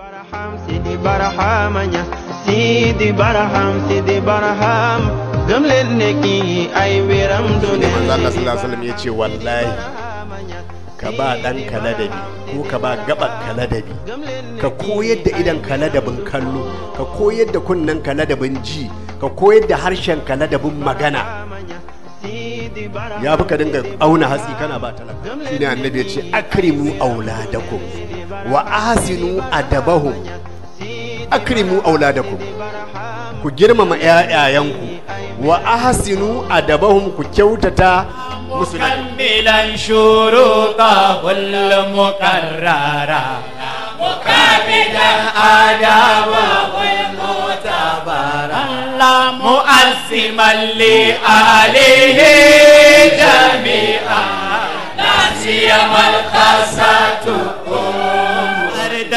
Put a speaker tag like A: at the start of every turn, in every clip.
A: barham sidi barham ñas sidi barham sidi barham
B: gëm leen ne kii ay wéram du ne manzo Allah sallallahu alaihi wasallam yace wallahi ka ba dan ka ladabi ko ka ba gaban ka ladabi ka koyar da idan ka ladabin kallo ka koyar da kunnen ka ladabin ji ka koyar da harshen ka ladabin magana ya fi ka dinga auna hatsi kana ba talaka shine annabi ya ce akrimu auladakum wa ahsinu adabahum akrimu auladakum ku girmama ƴaƴayanku wa ahsinu adabahum ku kyautata musu kambilan shuruta kullu muqarrara
A: muqabbilan adaba wal mutabara la mu'azziman li alihi jami'a la siyamal qasatu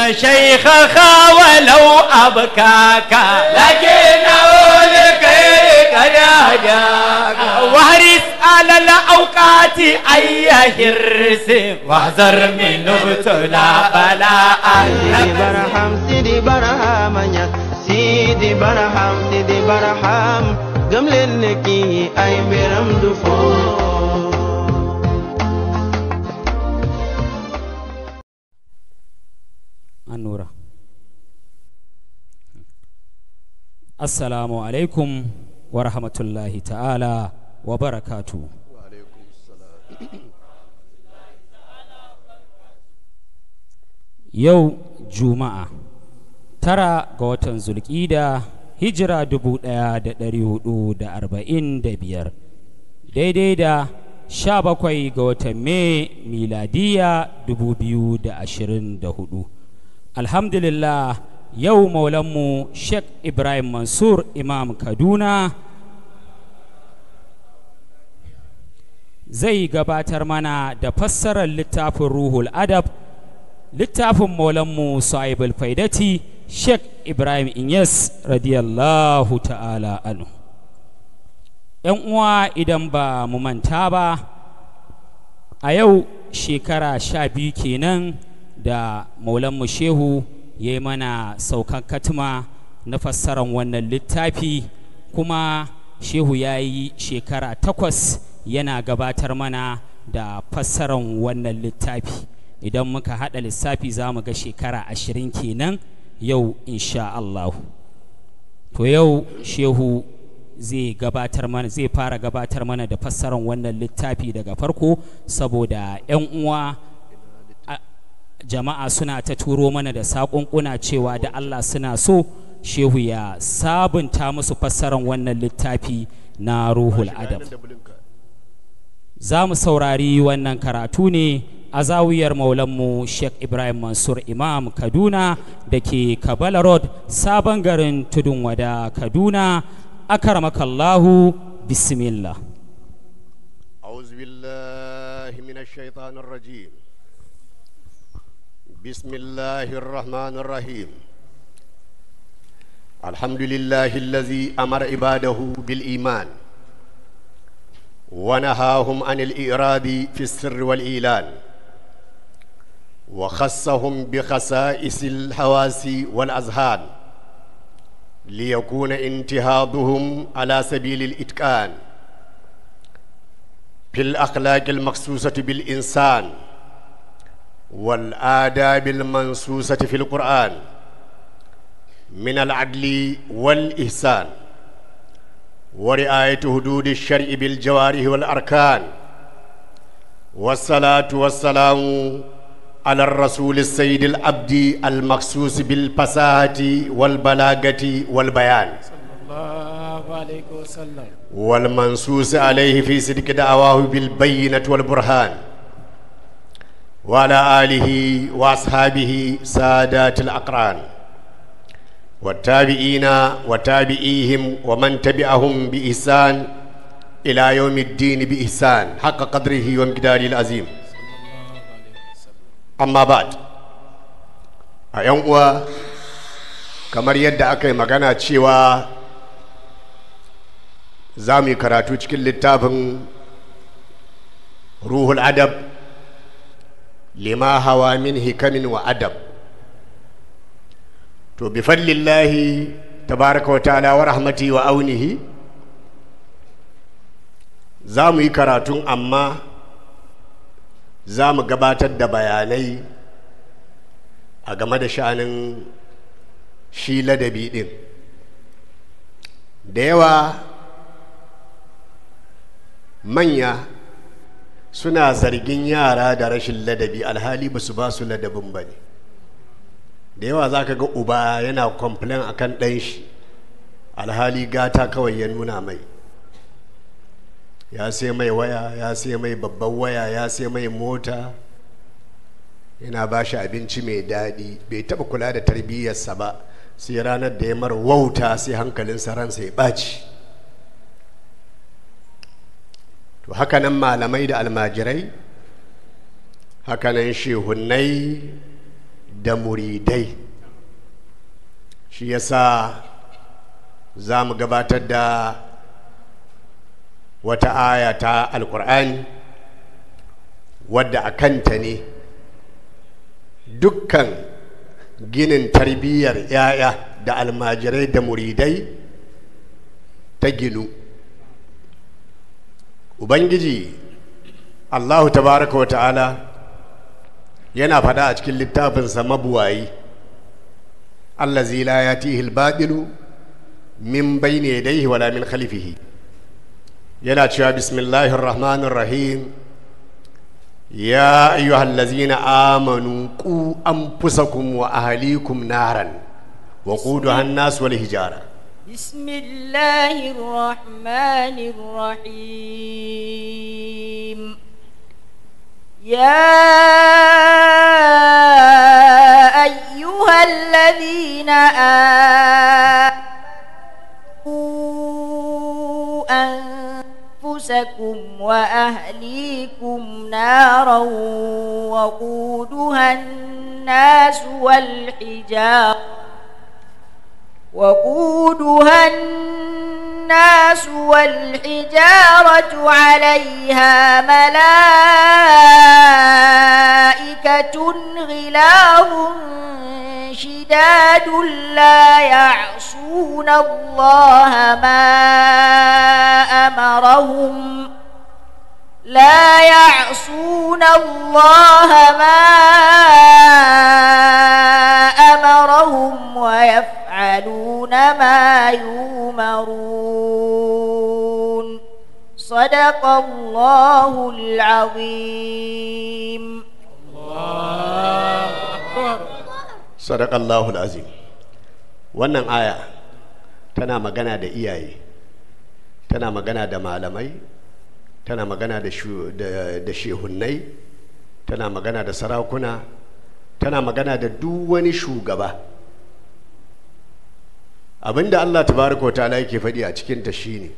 A: لقينا شيخك ولو ابكاكا لكن لقيك يا جاك وهرس على الأوقات أي هرس واحذر من ابتلاء بلاء سيدي برحم سيدي برحم سيدي برحم سيدي برحم قمل لكي أي برم دفور
C: nura assalamu alaikum wa rahmatullahi ta'ala wa barakatu yau juma'a tara ga watan zulkida hijira dubu ɗaya da ɗari hudu da arba'in da biyar daidai da sha bakwai ga watan mai miladiya dubu biyu da ashirin da hudu alhamdulillah yau maulanmu sheikh ibrahim mansur imam kaduna zai gabatar mana da fassarar littafin ruhul adab littafin maulanmu sahibul faidati sheikh ibrahim inyas radiyallahu ta'ala anu yan uwa idan ba mu manta ba a yau shekara sha biyu kenan da maulanmu shehu ya yi mana saukan katuma na fassaran wannan littafi kuma shehu ya yi shekara takwas yana gabatar mana da fassaran wannan littafi idan muka haɗa lissafi za mu ga shekara ashirin kenan yau insha Allah to yau shehu zai gabatar mana zai fara gabatar mana da fassaran wannan littafi daga farko saboda 'yan uwa jama'a suna ta turo mana da saƙunƙuna cewa da Allah suna so shehu ya sabunta musu fassarar wannan littafi na ruhul adab za mu saurari wannan karatu ne a zawiyar maulanmu sheikh ibrahim mansur imam kaduna da ke kabala road sabon garin tudun wada kaduna akarmakallahu bismillah
B: أعوذ بالله من الشيطان الرجيم بسم الله الرحمن الرحيم الحمد لله الذي أمر عباده بالإيمان ونهاهم عن الإيراد في السر والإيلان وخصهم بخصائص الحواس والأذهان ليكون انتهاضهم على سبيل الإتقان في الأخلاق المخصوصة بالإنسان والآداب المنصوصة في القرآن من العدل والإحسان ورعاية حدود الشرع بالجوارح والأركان والصلاة والسلام على الرسول السيد العبد المخصوص بالفصاحة والبلاغة والبيان والمنصوص عليه في صدق دعواه بالبينة والبرهان وعلى آله وأصحابه سادات الأقران والتابعين وتابعيهم ومن تبعهم بإحسان إلى يوم الدين بإحسان حق قدره ومقداره العظيم amma ba a yan uwa kamar yadda aka yi magana cewa za mu yi karatu cikin littafin ruhul adab lima hawa min hikamin wa adab to bi fallillahi tabaraka wa ta'ala wa rahmati wa aunihi za mu yi karatun amma za mu gabatar da bayanai a game da shanin shi ladabi ɗin da yawa manya suna zargin yara da rashin ladabi alhali ba su ba su ladabin ba ne da yawa za ka ga uba yana kwamfilin a kan ɗan shi alhali gata kawai ya nuna mai ya sai mai waya ya sai mai babban waya ya sai mai mota yana ba shi abinci mai daɗi bai taɓa kula da tarbiyyarsa ba sai ranar da ya mara wauta sai hankalinsa ransa ya ɓaci to hakanan malamai da almajirai hakanan shehunai da muridai shi yasa za mu gabatar da wata aya ta alkur'ani wadda a kanta ne dukkan ginin tarbiyyar 'ya'ya da almajirai da muridai ta ginu ubangiji allahu tabaraka wa ta'ala yana faɗa a cikin littafinsa mabuwayi allazi la yatihi al baɗilu min bayni yadayhi wala min khalifihi yana cewa bismillahir rahmanir rahim ya ayyuhal ladzina amanu qu anfusakum wa ahlikum naran wa kudu hannasu wal hijara
D: بسم الله الرحمن الرحيم يا أيها الذين آمنوا أنفسكم وأهليكم نارا وقودها الناس والحجارة وقودها الناس والحجارة عليها ملائكة غلاظ شداد لا يعصون الله ما أمرهم لا يعصون الله ما أمرهم ويفعلون ما يؤمرون صدق الله العظيم الله
B: صدق الله العظيم وانا آية tana magana da iyaye tana magana da malamai tana magana da shehunnai tana magana da sarakuna tana magana da duk wani shugaba abinda allah tabaraka wa ta'ala yake faɗi a cikin cikinta shine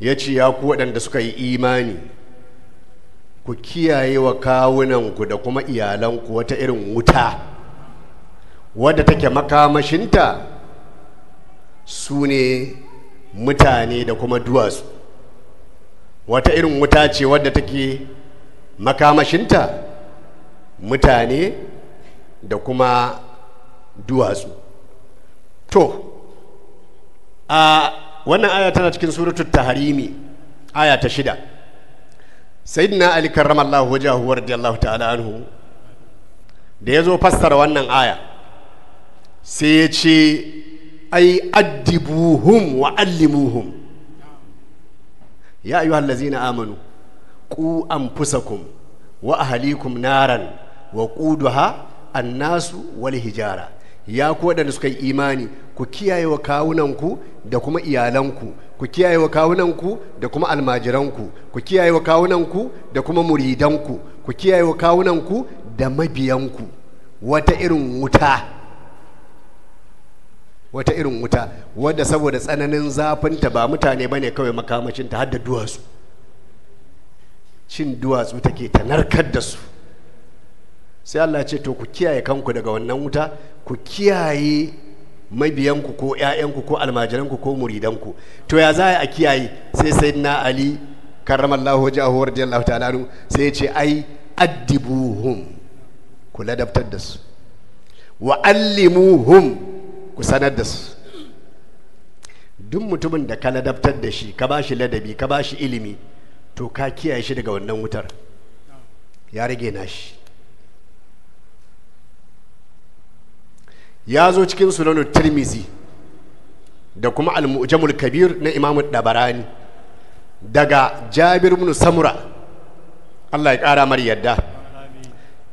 B: ya ce ya ku waɗanda suka yi imani ku kiyaye wa kawunanku da kuma iyalanku wata irin wuta wadda take makamashinta su ne mutane da kuma duwatsu wata irin wuta ce wadda take makamashinta mutane da kuma duwatsu to a wannan aya tana cikin suratul taharimi aya ta shida sayyidina ali karramallahu wajahu wa radiyallahu ta'ala anhu da ya zo fassara wannan aya sai ya ce ai addibuhum wa allimuhum ya ayyuhal ladzina amanu qu anfusakum wa ahlikum naran wa an nasu wal hijara ya ku waɗanda suka yi imani ku kiyaye wa kawunanku da kuma iyalanku ku kiyaye wa kawunanku da kuma almajiranku ku kiyaye wa kawunanku da kuma muridanku ku kiyaye wa kawunanku da mabiyanku wata irin wuta wata irin wuta wadda saboda tsananin zafinta ba mutane bane kawai makamacinta har duwatsu cin duwatsu take ta narkar da su sai Allah ce to ku kiyaye kanku daga wannan wuta ku kiyaye mabiyanku ko ƴaƴanku ko almajiranku ko muridanku to ya za a kiyaye sai sai na ali karramallahu jahu radiyallahu ta'ala sai ce ai addibuhum ku ladabtar da su wa allimuhum ku sanar da su duk mutumin da ka ladabtar da shi ka ba shi ladabi ka ba shi ilimi to ka kiyaye shi daga wannan wutar ya rage nashi ya zo cikin sunanu tirmizi da kuma al-mu'jamul kabir na imamu dabarani daga jabir bin samura Allah ya ƙara mar yadda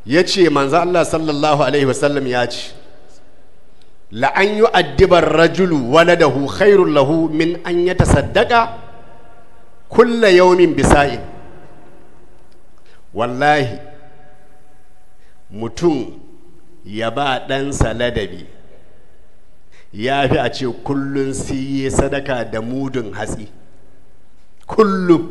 B: ya ce manzo Allah sallallahu alaihi wasallam ya ce la an rajulu wala rajulu hu khairun lahu min an yatasaddaqa kulla yaumin bisa'in wallahi mutum ya ba ɗansa ladabi ya fi a ce kullum siye sadaka da mudun hatsi kullum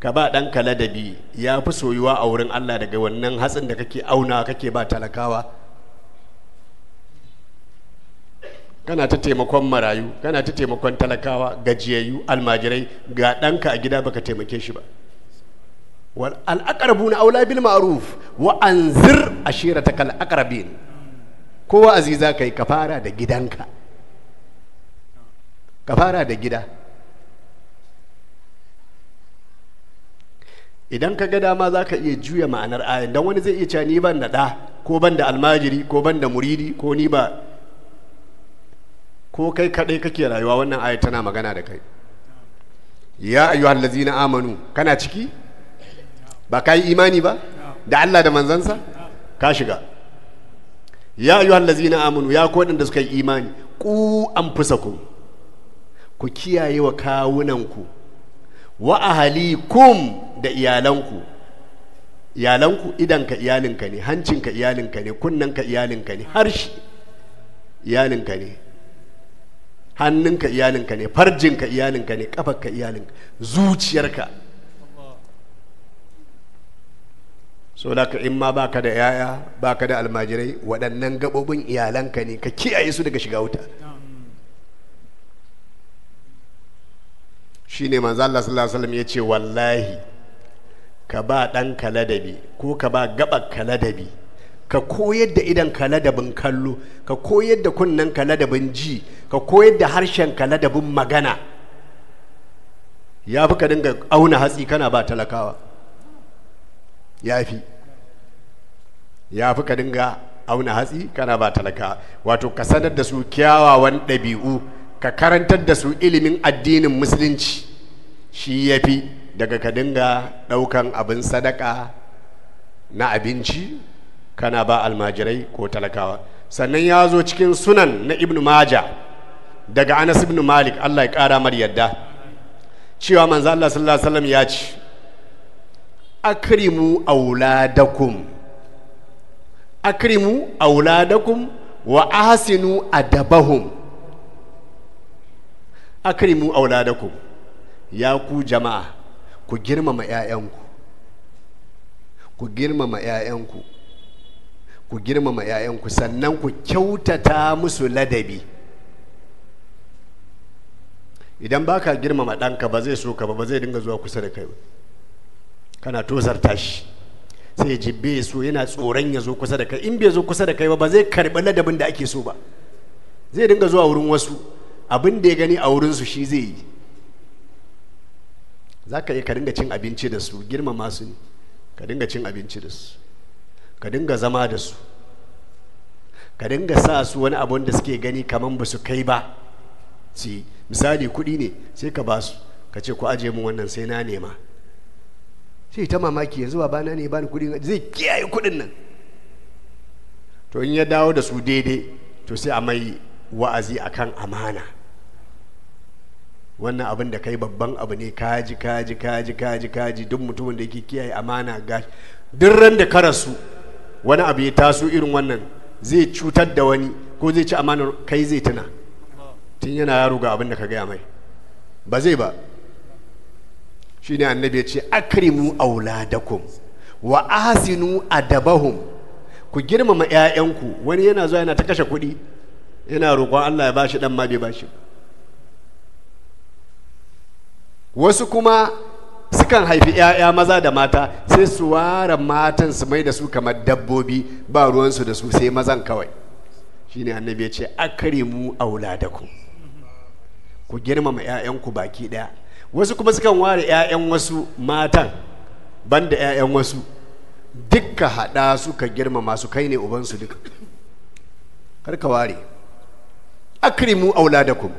B: ka ba ɗanka ladabi ya fi soyuwa a wurin allah daga wannan hatsin da kake auna kake ba talakawa kana ta taimakon marayu kana ta taimakon talakawa gajiyayyu almajirai ga ɗanka a gida baka taimake shi ba wal al'aqrabu na aula bil ma'ruf wa anzir ashiratakal aqrabin kowa aziza kai ka fara da gidanka ka da gida idan ka ga dama za ka iya juya ma'anar ayan don wani zai iya cewa ni ban da ɗa ko ban da almajiri ko ban da muridi ko ni ba ko kai kaɗai kake rayuwa wannan aya tana magana da kai ya ayyuhal ladzina amanu kana ciki ba ka yi imani ba da Allah da manzansa ka shiga ya ayyuhal ladzina amanu ya ko da suka yi imani ku an fusaku ku kiyaye wa kawunanku wa ahalikum da iyalanku iyalanku idanka iyalinka ne hancinka iyalinka ne kunnanka iyalinka ne harshe iyalinka ne hannunka iyalinka ne farjinka iyalinka ne kafarka iyalinka zuciyarka so da in ma baka da yaya baka da almajirai waɗannan gaɓoɓin iyalanka ne ka kiyaye su daga shiga wuta shine ne Allah sallallahu alaihi wasallam ce wallahi ka ba ɗanka ladabi ko ka ba gaɓar ka ladabi ka koyar da idan ka ladabin kallo ka koyar da kunnen ka ladabin ji ka koyar da harshen ka ladabin magana ya fi ka dinga auna hatsi kana ba talakawa ya fi ya fi ka dinga auna hatsi kana ba talakawa wato ka sanar da su kyawawan ɗabi'u ka karantar da su ilimin addinin musulunci shi ya fi daga ka dinga ɗaukan abin sadaka na abinci kana ba almajirai ko talakawa sannan ya zo cikin sunan na ibn maja daga anas ibn malik allah ya kara mar yadda cewa manzo allah sallallahu alaihi wasallam ya ce akrimu auladakum akrimu auladakum wa ahsinu adabahum akrimu auladakum ya ku jama'a ku girmama 'ya'yanku ku girmama 'ya'yanku ku girmama 'ya'yanku sannan ku kyautata musu ladabi idan ba ka girmama ɗanka ba zai so ka ba zai dinga zuwa kusa da kai ba kana tozarta shi sai ji bai so yana tsoron ya zo kusa da kai in bai zo kusa da kai ba ba zai karɓi ladabin da ake so ba zai dinga zuwa wurin wasu abin da ya gani a wurin su shi zai yi za ka iya ka dinga cin abinci da su girmama su ne ka dinga cin abinci da su ka dinga zama da su ka dinga sa su wani abun da suke gani kamar ba su kai ba si misali kuɗi ne sai ka ba su ka ce ku aje mu wannan sai na nema sai ta mamaki yanzu ba na ne bani kuɗi zai kiyaye kuɗin nan to in ya dawo da su daidai to sai a mai wa'azi akan amana wannan abin da kai babban abu ne kaji kaji kaji kaji kaji duk mutumin da yake kiyaye amana ga duk ran da karasu. wani abu ya taso irin wannan zai cutar da wani ko zai ci amanar kai zai tuna tun yana yaro ga abin da ka gaya mai ba zai ba shi ne annabi ya ce akrimu auladakum wa asinu adabahum ku girmama 'ya'yanku wani yana zuwa yana ta kashe kuɗi yana roƙon Allah ya bashi ɗan ma bai bashi wasu kuma sukan haifi 'ya'ya maza da mata sai su ware matan su mai da su kamar dabbobi ba ruwansu da su sai mazan kawai shine annabi ya ce akrimu auladakum ku girmama 'ya'yanku baki daya wasu kuma sukan ware 'ya'yan wasu matan banda 'ya'yan wasu dukka haɗa suka girmama su kai ne ubansu duka kar ka ware akrimu auladakum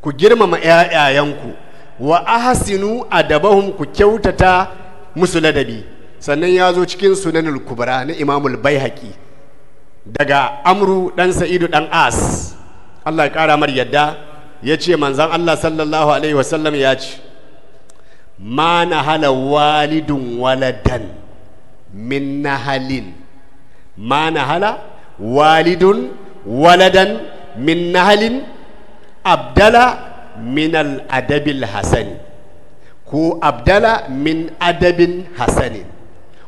B: ku girmama 'ya'yayanku wa ahsinu adabahum ku kyautata musu ladabi sannan ya zo cikin sunanul kubra na imamul baihaqi daga amru dan sa'idu dan as Allah ya kara mar yadda ya ce manzan Allah sallallahu alaihi wasallam ya ce ma nahala walidun waladan min nahalin ma nahala walidun waladan min nahalin abdala minal adabil hasani ko abdala min adabin hasani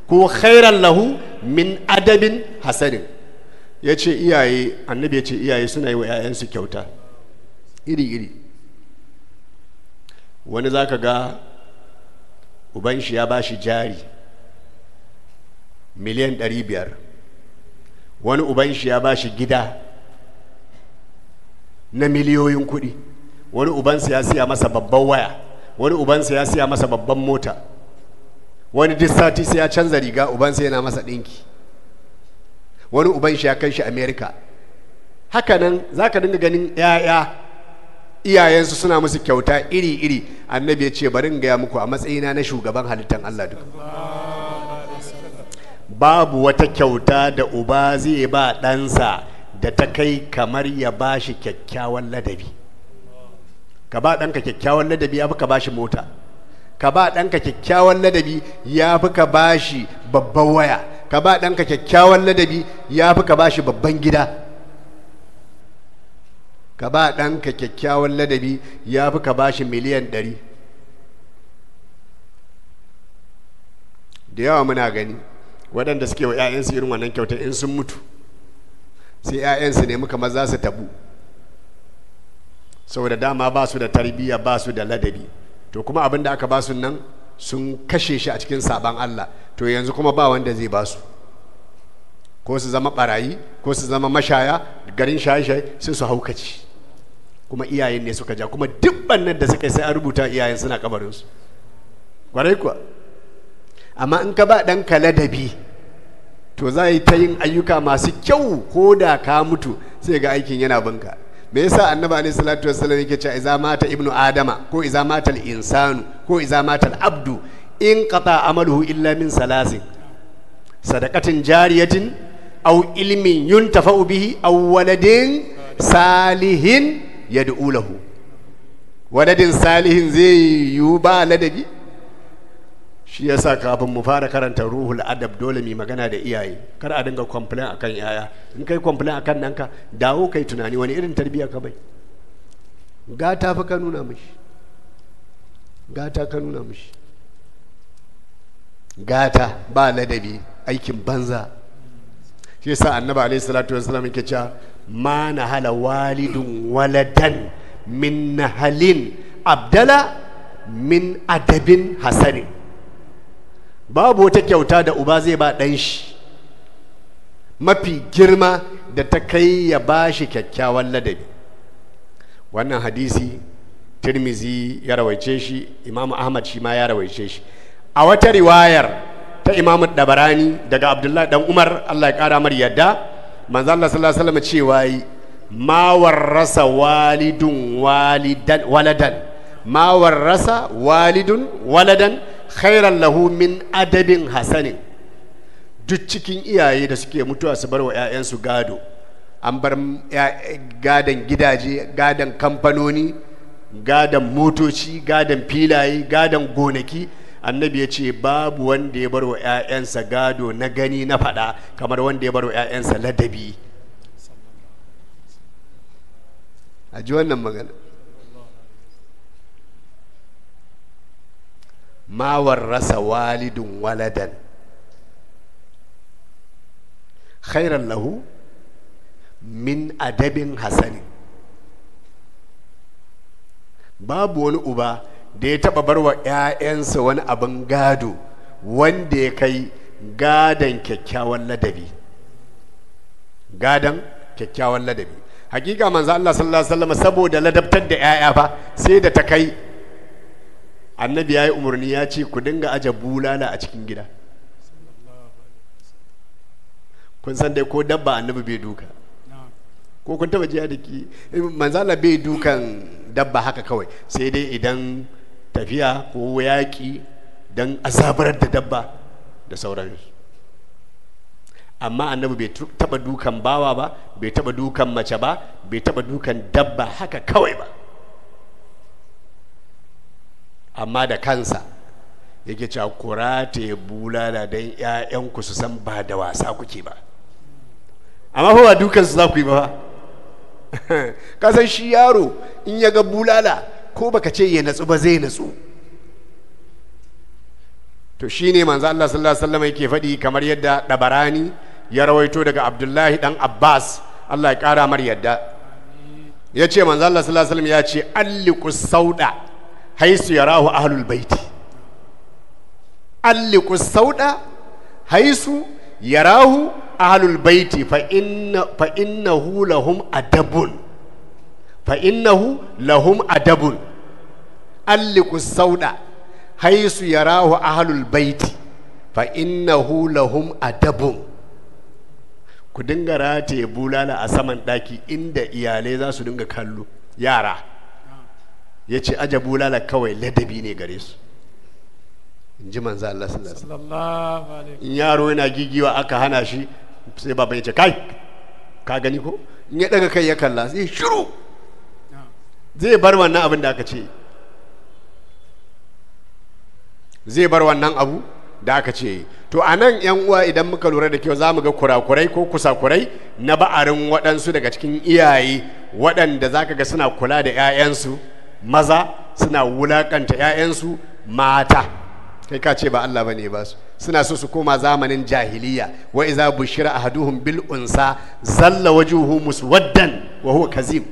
B: ko khairan lahu min adabin hasani ya ce iyaye annabi ya ce iyaye suna yi wa 'ya'yansu kyauta iri-iri wani za ka ga uban shi ya ba shi jari miliyan 500 wani uban shi ya ba shi gida na miliyoyin kuɗi wani ubansa ya siya masa babban waya wani ubansa ya siya masa babban mota wani duk sai ya canza riga ubansa yana masa ɗinki wani uban shi ya kai shi america hakanan za ka dinga ganin 'ya'ya iyayensu suna musu kyauta iri-iri annabi ya ce bari in gaya muku a matsayina na shugaban halittar allah duk babu wata kyauta da uba zai ba ɗansa da ta kai kamar ya ba shi kyakkyawan ladabi ka ba ɗanka kyakkyawan ladabi ya fi ka bashi mota ka ba ɗanka kyakkyawan ladabi ya fi ka bashi babban waya ka ba ɗanka kyakkyawan ladabi ya fi ka bashi babban gida ka ba ɗanka kyakkyawan ladabi ya fi ka bashi miliyan ɗari da yawa muna gani waɗanda suke wa 'ya'yansu irin wannan kyauta in sun mutu sai 'ya'yansu ne muka maza su tabu saboda dama ba su da tarbiyya ba su da ladabi to kuma abin da aka ba su nan sun kashe shi a cikin saban Allah to yanzu kuma ba wanda zai ba su ko su zama barayi ko su zama mashaya garin shaye-shaye sai su haukaci kuma iyayen ne suka ja kuma duk bannan da suka sai an rubuta iyayen suna kabarinsu kwarai kuwa amma in ka ba ɗanka ladabi to za yi ta yin ayyuka masu kyau ko da ka mutu sai ga aikin yana bunka. me yasa annabi alayhi salatu wassalam yake cewa idza mata ibnu adama ko idza mata insanu ko idza mata abdu in qata amaluhu illa min salasin sadaqatin jariyatin aw ilmin yuntafa'u bihi aw waladin salihin yad'u lahu waladin salihin zai yu ba ladabi shi yasa kafin mu fara karanta ruhul adab dole mu magana da iyaye kar a dinga complain akan yaya in kai complain akan danka dawo kai tunani wani irin tarbiyya ka bai gata fa ka nuna mishi gata ka nuna mishi gata ba ladabi aikin banza shi yasa annabi alayhi salatu wasallam yake cewa ma na hala walidun waladan min nahalin abdala min adabin hasani babu wata kyauta da uba zai ba ɗan shi mafi girma da ta kai ya ba shi kyakkyawan ladabi wannan hadisi tirmizi ya rawaice shi imamu ahmad shi ma ya rawaice shi a wata riwayar ta imamu dabarani daga abdullahi dan umar allah ya kara mar yadda manzo allah sallallahu alaihi cewa yi ma warrasa walidun waladan ma warrasa walidun waladan khairan lahu min adabin hasanin duk cikin iyaye da suke mutuwa su bar wa 'ya'yansu gado an bar gadon gidaje gadon kamfanoni gadon motoci gadon filaye gadon gonaki annabi ya ce babu wanda ya bar wa 'ya'yansa gado na gani na faɗa kamar wanda ya bar wa 'ya'yansa ladabi a ji wannan magana ma warrasa walidun waladan khairan lahu min adabin hasani babu wani uba da ya taɓa barwa 'ya'yansa wani abin gado wanda ya kai gadon kyakkyawan ladabi gadon kyakkyawan ladabi hakika manzo Allah sallallahu alaihi wasallam saboda ladabtar da 'ya'ya fa sai da ta kai annabi ya yi umarni ya ce ku dinga aje bulala a cikin gida kun san dai ko dabba annabi bai duka ko kun taba jiya da ki manzala bai dukan dabba haka kawai sai dai idan tafiya ko yaƙi don azabar da dabba da sauran amma annabi bai taba dukan bawa ba bai taba dukan mace ba bai taba dukan dabba haka kawai ba amma da kansa yake cewa ta yi bulala don 'ya'yanku su san ba da wasa kuke ba amma fa ba dukansu za ku yi ba kasan shi yaro in ya ga bulala ko baka ce ya natsu ba zai natsu to shi ne manzo Allah sallallahu alaihi yake faɗi kamar yadda ɗabarani ya rawaito daga Abdullahi dan Abbas Allah ya ƙara mar yadda ya ce manzo Allah sallallahu alaihi ya ce alliqus sauda haisu yarahu ahalul baiti alliku sauda haisu yarahu ahalul baiti fa inna fa innahu lahum adabun fa innahu lahum adabun alliku sauda haisu yarahu ahalul baiti fa innahu lahum adabun ku dinga rataye bulala a saman daki inda iyalai za su dinga kallo yara ya ce aje bulala kawai ladabi ne gare su in ji manza Allah sallallahu alaihi in yaro yana gigiwa aka hana shi sai baba ya ce kai ka gani ko in ya daga kai ya kalla sai shiru zai bar wannan abin da aka ce zai bar wannan abu da aka ce to a nan yan uwa idan muka lura da kyau za mu ga kurakurai ko kusakurai na ba'arin waɗansu daga cikin iyaye waɗanda za ka ga suna kula da 'ya'yansu maza suna wulakanta 'ya'yansu mata kai ka ce ba Allah bane ba su suna so su koma zamanin jahiliya wa iza bushira ahaduhum bil unsa zalla wajuhu waddan wa huwa kazim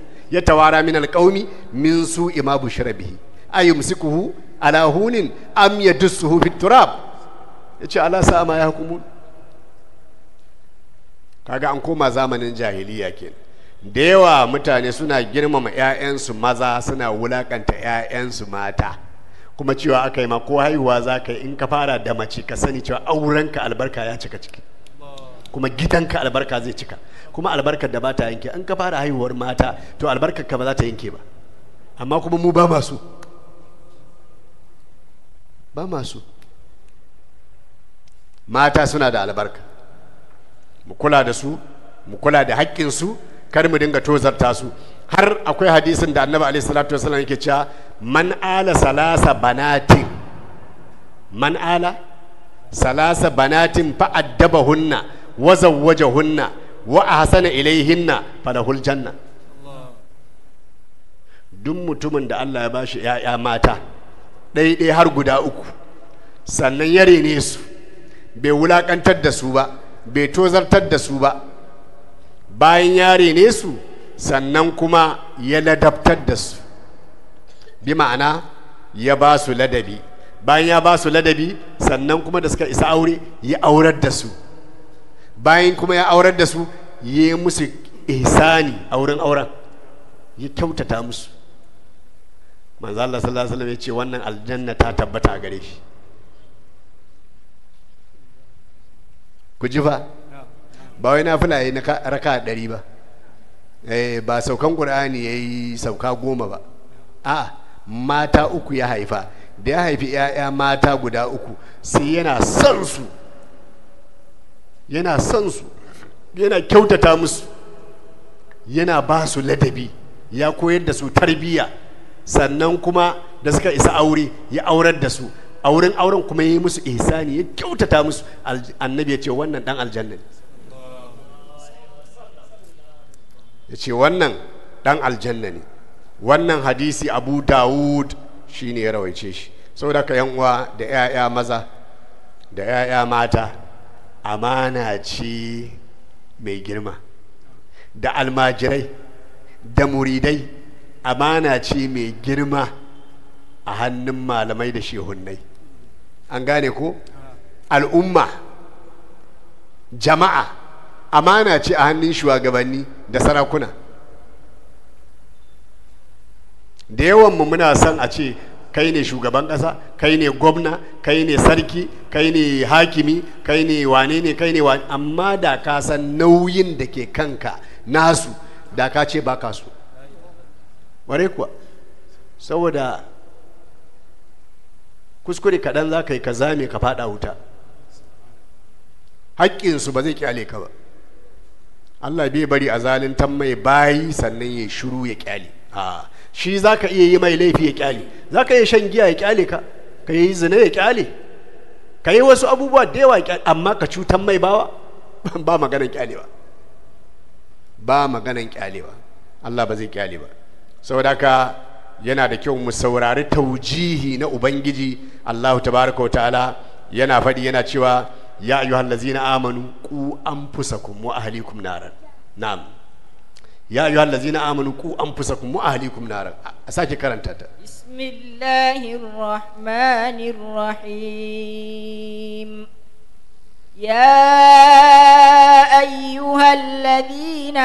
B: tawara min al qaumi min su'i ma bushira bihi ayumsikuhu ala hunin am yadussuhu fit turab yace Allah sa ma hukumu kaga an koma zamanin jahiliya kenan da yawa mutane suna girmama 'ya'yansu maza suna wulakanta 'ya'yansu mata kuma cewa aka yi ma ko haihuwa za ka yi in ka fara da mace ka sani cewa aurenka albarka ya cika ciki kuma gidanka albarka zai cika kuma albarkar da ba ta yanke in ka fara haihuwar mata to albarkar ka ba za ta yanke ba amma kuma mu ba masu ba masu mata suna da albarka mu kula da su mu kula da haƙƙinsu kar mu dinga tozarta su har akwai hadisin da annabi alaihi salatu wasallam yake cewa man ala salasa banatin man ala salasa banatin fa addabahunna wa zawwajahunna wa ahsana ilaihinna falahul janna duk mutumin da Allah ya bashi ya'ya mata ɗaiɗai har guda uku sannan ya rene su bai wulakantar da su ba bai tozartar da su ba bayan ya ne su sannan kuma ya ladabtar da su bi ma'ana ya ba su ladabi bayan ya ba su ladabi sannan kuma da suka isa aure ya aurar da su bayan kuma ya aurar da su ya yi musu ihsani a wurin auren ya kyautata musu manzo Allah sallallahu alaihi wasallam ya ce wannan aljanna ta tabbata gare shi ku ji fa ba wai nafila yi na raka ɗari ba eh, ba saukan ƙur'ani yayi sauka goma ba a mata uku ya haifa da ya haifi 'ya'ya mata guda uku sai yana son su yana son su yana kyautata musu yana ba su ladabi ya koyar da su tarbiyya sannan kuma da suka isa aure ya aurar da su auren auren kuma ya yi musu ihsani ya kyautata musu annabi ya ce wannan dan aljanna ya ce wannan dan aljanna ne wannan hadisi abu dawud shi ne ya rawaice shi saboda ka uwa da 'ya'ya maza da 'ya'ya mata amana ce mai girma da almajirai da muridai amana ce mai girma a hannun malamai da shehunnai an gane ko al'umma jama'a amana ce a hannun shugabanni da sarakuna da yawan mu muna son a ce kai ne shugaban ƙasa kai ne gwamna kai ne sarki kai ne hakimi kai ne wane ne kai ne wane amma da ka san nauyin da ke kanka nasu da ka ce ba su ware kuwa saboda kuskure kaɗan za ka yi ka zame ka faɗa wuta haƙƙinsu ba zai ƙyale ka ba Allah bai bari a zalintan mai bayi sannan ya shiru ya kyale a shi zaka iya yi mai laifi ya kyale zaka iya shan giya ya kyale ka ka yi zina ya kyale ka yi wasu abubuwa da yawa amma ka cutan mai bawa ba maganan kyalewa ba maganan kyalewa Allah ba zai kyale ba saboda ka yana da kyau mu saurari taujihi na ubangiji Allah tabaraka wa ta'ala yana faɗi yana cewa ya ayyuhal ladzina amanu qu anfusakum wa ahlikum naran na'am ya ayyuhal ladzina amanu qu anfusakum wa ahlikum naran a sake karanta ta
D: bismillahir يا أيها الذين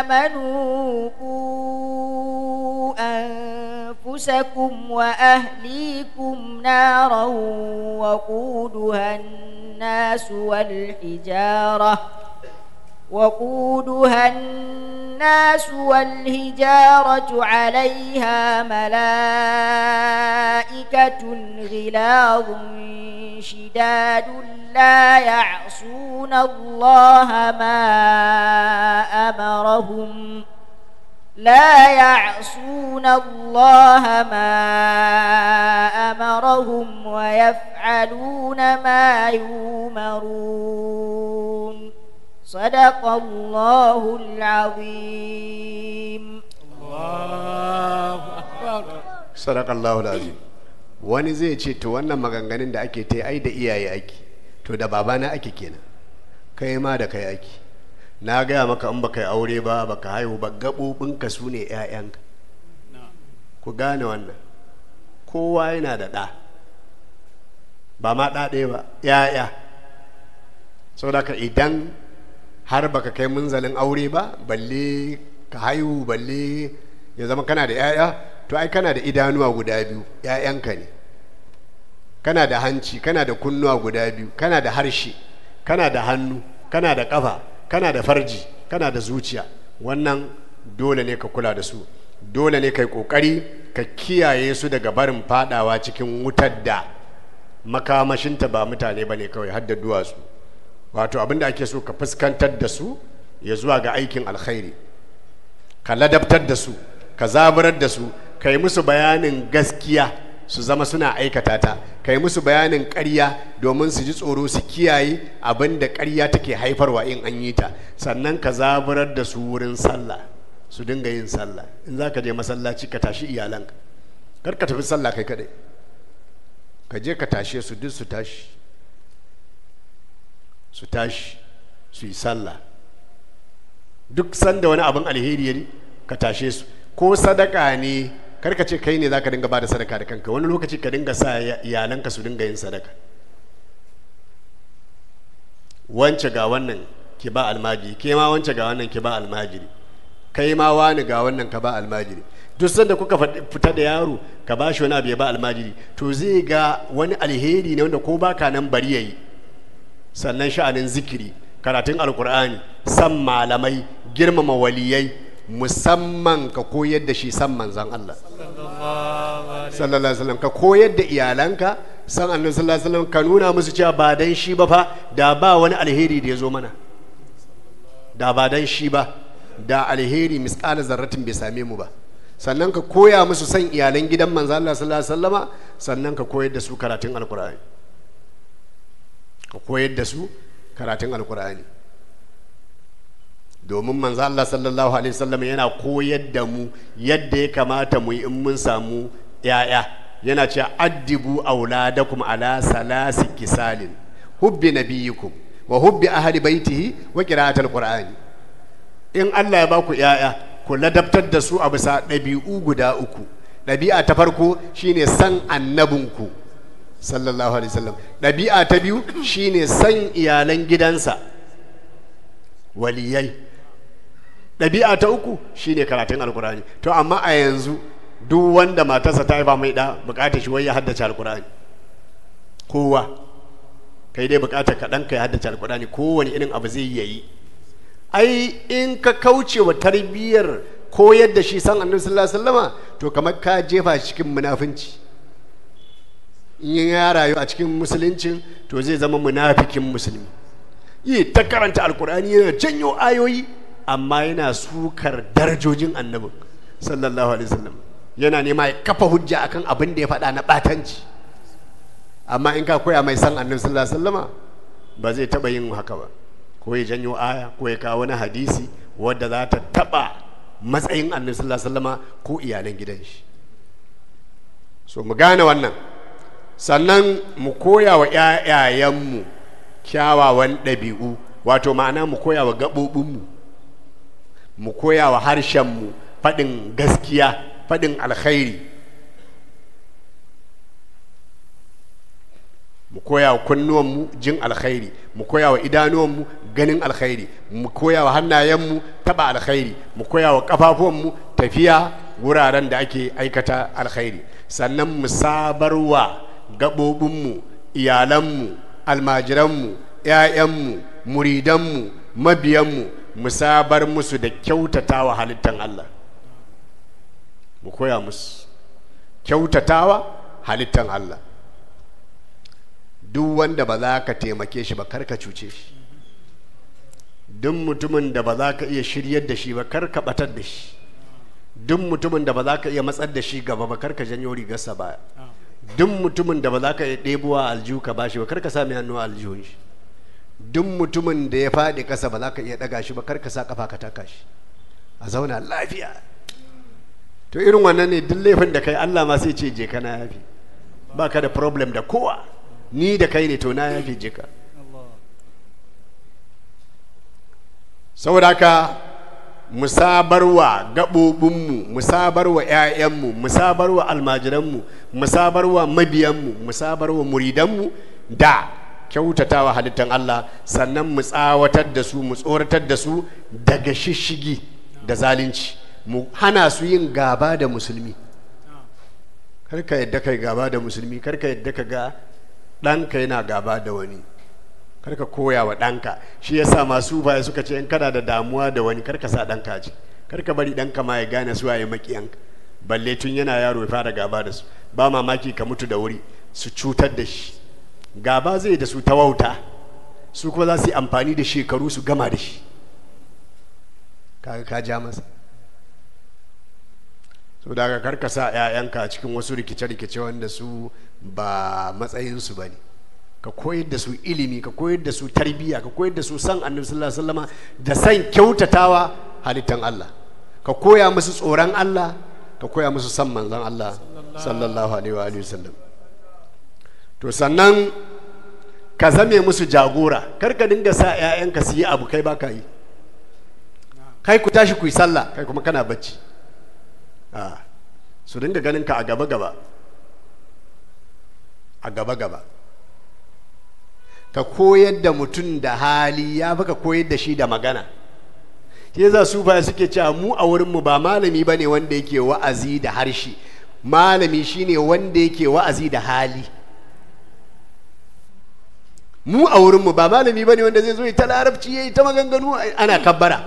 D: آمنوا قوا أنفسكم وأهليكم نارا وقودها الناس والحجارة وقودها الناس والهجارة عليها ملائكة غلاظ شداد لا يعصون الله ما أمرهم لا يعصون الله ما أمرهم ويفعلون ما يؤمرون صدق الله العظيم الله أكبر
B: صدق wani zai ce to wannan maganganun da ake ta ai da iyaye ake to da babana ake kenan kai ma da kai ake na gaya maka in baka yi aure ba baka haihu ba gaɓoɓinka su ne 'ya'yanka ku gane wannan kowa yana da ɗa ba ma ɗa ɗaya ba 'ya'ya saboda ka idan har baka kai munzalin aure ba balle ka haihu balle ya zama kana da 'ya'ya to ai kana da idanuwa guda biyu 'ya'yanka ne kana da hanci kana da kunnuwa guda biyu kana da harshe kana da hannu kana da ƙafa kana da farji kana da zuciya wannan dole ne ka kula da su dole ne ka yi ƙoƙari ka kiyaye su daga barin fadawa cikin wutar da makamashinta ba mutane ba ne kawai har da duwatsu wato abin da ake so ka fuskantar da su ya zuwa ga aikin alkhairi ka ladabtar da su ka zaburar da su ka yi musu bayanin gaskiya su zama suna aikata ta ka yi musu bayanin ƙarya domin su ji tsoro su kiyaye abin da ƙarya take haifarwa in an yi ta sannan ka zaburar da su wurin sallah su dinga yin sallah in za ka je masallaci ka tashi iyalanka kar ka tafi sallah kai kaɗai ka je ka tashe su duk su tashi su tashi su yi sallah duk sanda wani abin alheri ka tashe su ko sadaka ne karka ce kai ne za ka dinga ba da sadaka da kanka wani lokaci ka dinga sa iyalanka su dinga yin sadaka wance ga wannan ki ba almajiri ke ma wance ga wannan ki ba almajiri kai ma wani ga wannan ka ba almajiri duk sanda kuka fita da yaro ka ba shi wani abu ya ba almajiri to zai ga wani alheri ne wanda ko baka nan bari yayi sannan sha'anin zikiri karatun alkur'ani san malamai girmama waliyai musamman ka koyar da shi san manzan Allah sallallahu alaihi ka koyar da iyalanka san annan sallallahu alaihi ka nuna musu cewa ba dan shi ba fa da ba wani alheri da ya zo mana da ba dan shi ba da alheri misqala zarratin bai same mu ba sannan ka koya musu san iyalan gidan manzan Allah sallallahu alaihi wasallama sannan ka koyar da su karatun alkur'ani ka koyar da su karatun alkur'ani domin manzo Allah sallallahu alaihi wasallam yana koyar da mu yadda ya kamata mu yi in mun samu yaya yana cewa addibu auladakum ala salasi kisalin hubbi nabiyikum wa hubbi ahli baitihi wa qira'at alqur'ani in Allah ya baku yaya ku ladabtar da su a bisa ɗabi'u guda uku ɗabi'a ta farko shine san annabinku sallallahu alaihi wasallam ɗabi'a ta biyu shine san iyalan gidansa waliyai ɗabi'a ta uku shine karatun alkurani to amma a yanzu duk wanda matarsa ta haifa mai da bukatar shi wai ya haddace alkurani kowa kai dai bukatar kaɗan ka ya haddace alkurani kowane irin abu zai yayi ai in ka kauce wa tarbiyyar koyar da shi san annabi sallallahu alaihi wasallama to kamar ka jefa shi cikin munafunci in ya rayu a cikin musuluncin to zai zama munafikin musulmi yi ta karanta alkur'ani yana janyo ayoyi amma yana sukar darajojin annabin sallallahu alaihi wasallam yana nema ya kafa hujja akan abin da ya faɗa na batanci amma in ka koya mai san annabi sallallahu alaihi wasallam ba zai taɓa yin haka ba ko ya janyo aya ko ya kawo wani hadisi wadda za ta taɓa matsayin annabi sallallahu alaihi wasallam ko iyalan gidan shi so mu gane wannan sannan mu koya wa ‘ya'yayenmu kyawawan ɗabi'u wato ma'ana mu koya wa gaɓoɓinmu mu koya wa harshenmu faɗin gaskiya faɗin alkhairi mu koya wa kunnuwanmu jin alkhairi mu koya wa idanuwanmu ganin alkhairi mu koya wa hannayenmu taɓa alkhairi mu koya wa ƙafafuwanmu tafiya wuraren da ake aikata alkhairi sannan mu sabarwa gaɓoɓinmu iyalanmu almajiranmu 'ya'yanmu muridanmu mabiyanmu mu sabar musu da kyautatawa halittan Allah mu koya musu kyautatawa halittan Allah duk wanda ba za ka taimake shi ba karka cuce shi duk mutumin da ba za ka iya shiryar da shi ba karka batar da shi duk mutumin da ba za ka iya matsar da shi gaba ba karka janyo rigarsa baya duk mutumin da ba za ka ɗebowa aljihu ka bashi ba karka sa sami hannu aljihun shi duk mutumin da ya faɗi ƙasa ba za ka iya ɗaga shi ba karka sa ƙafa ka taka shi a zauna lafiya to irin wannan ne duk laifin da kai Allah ma sai ce je ka na yafi ba ka da problem da kowa ni da kai ne to na yafi je ka saboda haka musabarwa gaɓoɓinmu musabarwa 'ya'yanmu musabarwa almajiranmu musabarwa mabiyanmu musabarwa muridanmu da kyautatawa halittar Allah sannan mu tsawatar da su mu tsoratar da su daga shishigi da zalunci mu hana su yin gaba da musulmi karka yadda kai gaba da musulmi karka yadda ka ga ɗanka yana gaba da wani karka koya wa ɗanka shi ya sa masu baya suka ce in kana da damuwa da wani kar ka sa ɗanka ji karka bari ɗanka ma ya gane su waye makiyan balle tun yana yaro ya fara gaba da su ba mamaki ka mutu da wuri su cutar da shi gaba zai da su ta wauta su kuma za su yi amfani da shekaru su gama da shi kaga ka ja masa so daga sa 'ya'yanka cikin wasu rikice-rikice wanda su ba matsayinsu ba ne ka koyar da su ilimi ka koyar da su tarbiyya ka koyar da su san annabi sallallahu alaihi wasallama da san kyautatawa halittan Allah ka koya musu tsoron Allah ka koya musu san manzon Allah sallallahu alaihi wa sallam to sannan ka zame musu jagora kar ka dinga sa ƴaƴanka su yi abu kai ba ka yi kai ku tashi ku yi sallah kai kuma kana bacci su dinga ganin ka a gaba gaba a gaba gaba ka koyar da mutum da hali ya fi ka koyar da shi da magana ke za su ba suke cewa mu a wurinmu ba malami ba ne wanda yake wa'azi da harshe malami shi ne wanda yake wa'azi da hali mu a wurinmu ba malami ba ne wanda zai zo ta larabci ya yi ta maganganu ana kabbara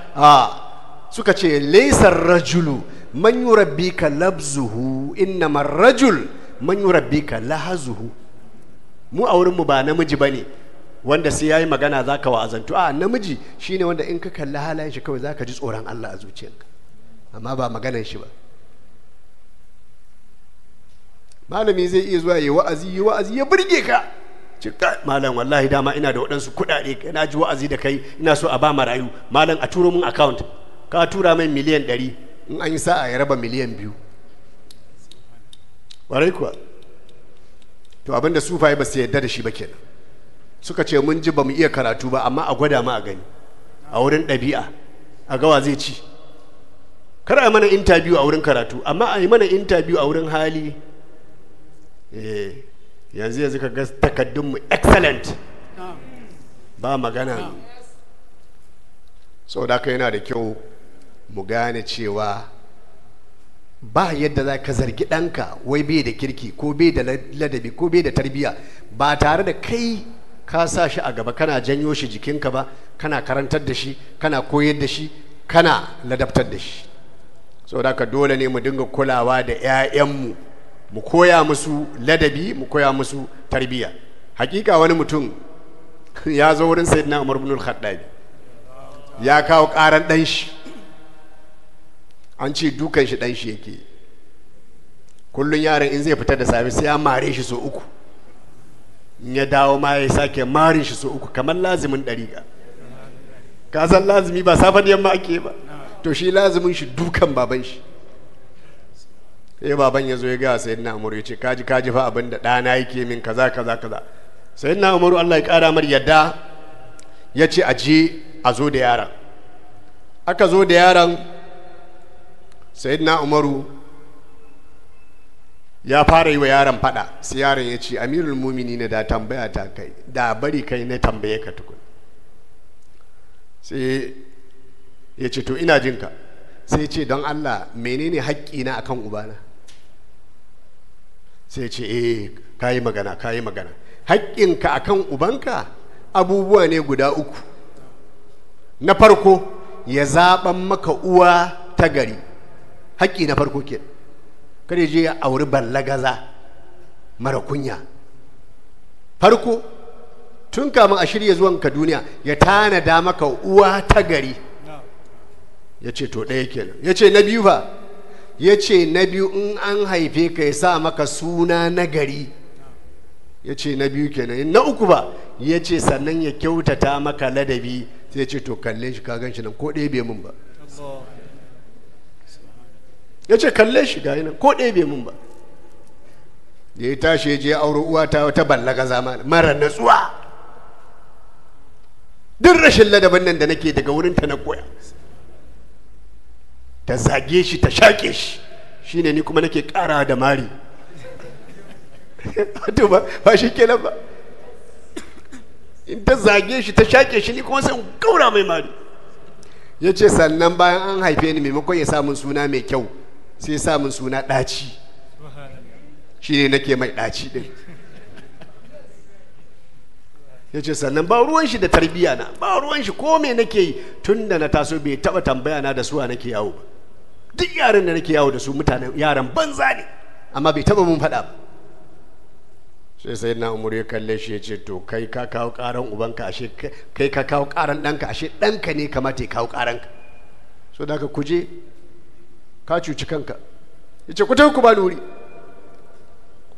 B: suka ce laisar rajulu man ka labzuhu innamar rajul man ka lahazuhu mu a wurinmu ba namiji ba ne wanda sai yayi magana za ka wa'azantu a namiji shi ne wanda in ka kalli halayen shi kawai za ka ji tsoron Allah a zuciyarka amma ba maganan shi ba malami zai iya zuwa yi wa'azi yi wa'azi ya burge ka cikka malam wallahi dama ina da waɗansu kuɗaɗe na ji wa'azi da kai ina so a ba marayu malam a turo min account ka tura min miliyan ɗari in an yi sa'a ya raba miliyan biyu warai kuwa to abinda sufaye ba su yarda da shi ba kenan suka ce mun ji ba mu iya karatu ba amma a gwada ma a gani a wurin ɗabi'a a gawa zai ci kar a mana intabiyu a wurin karatu amma a yi mana intabiyu a wurin hali eh, yanzu yanzu ka ga takaddunmu excellent ba magana sau da ka yana da kyau mu gane cewa ba yadda za ka zargi ɗanka wai bai da kirki ko bai da ladabi ko bai da tarbiyya ba tare da kai ka sa shi a gaba kana janyo shi jikinka ba kana karantar da shi kana koyar da shi kana ladabtar da shi saboda ka dole ne mu dinga kulawa da 'ya'yanmu mu koya musu ladabi mu koya musu tarbiyya hakika wani mutum ya zo wurin sayyidina umar ibn al ya kawo karan dan shi an ce dukan shi dan shi yake kullun yaron in zai fita da safe sai ya mare shi so uku ya dawo ma ya sake marin shi so uku kamar lazimin ɗariƙa ka san lazimi ba safan yamma ake ba to shi lazimin shi dukan baban shi sai baban ya zo ya ga sayyidina umar ya ce kaji kaji fa abin da ɗana yake min kaza kaza kaza sayyidina umar Allah ya ƙara mar yadda ya ce a je a zo da yaran aka zo da yaran sayyidina umaru ya fara yi wa yaron fada sai yaron ya ce amirul mumini ne da tambaya ta kai da bari kai na tambaye ka tukun sai ya ce to ina jinka sai ce don allah menene haƙƙi na akan ubana sai ce eh ka yi magana ka yi magana haƙƙinka akan ubanka abubuwa ne guda uku na farko ya zaɓan maka uwa ta gari haƙƙi na farko kenan kada je ya auri ballagaza mara kunya farko tun kamun a shirya zuwan ka duniya ya tanada maka uwa ta gari ya ce to ɗaya kenan ya ce na biyu fa ya ce na biyu in an haife ka ya sa maka suna na gari ya ce na biyu kenan na uku ba ya ce sannan ya kyautata maka ladabi sai ya ce to kalle shi ka gan shi nan ko ɗaya bai mun ba ya ce kalle shi ga nan ko ɗaya bai mun ba da ya tashi je auro uwa ta wata ga zama mara natsuwa duk rashin ladaban nan da nake daga wurin ta na koya ta zage shi ta shaƙe shi shine ni kuma nake ƙara da mari wato ba ba shi kenan ba in ta zage shi ta shaƙe shi ni kuma sai gaura mai mari ya ce sannan bayan an haife ni maimakon ya samun suna mai kyau sai sa min suna ɗaci shi ne nake mai ɗaci ɗin ya ce sannan ba ruwan shi da tarbiyya na ba ruwan shi ko me nake yi tun da na taso bai taɓa tambaya na da suwa nake yawo ba duk yaran da nake yawo da su mutanen yaran banza ne amma bai taɓa mun faɗa ba sai sai na umar ya kalle shi ya ce to kai ka kawo ƙaran ubanka ashe kai ka kawo ƙaran ɗanka ashe ɗanka ne kamata ya kawo ƙaranka so da ka kuje ka cuci kanka ya ce kuta ku ba wuri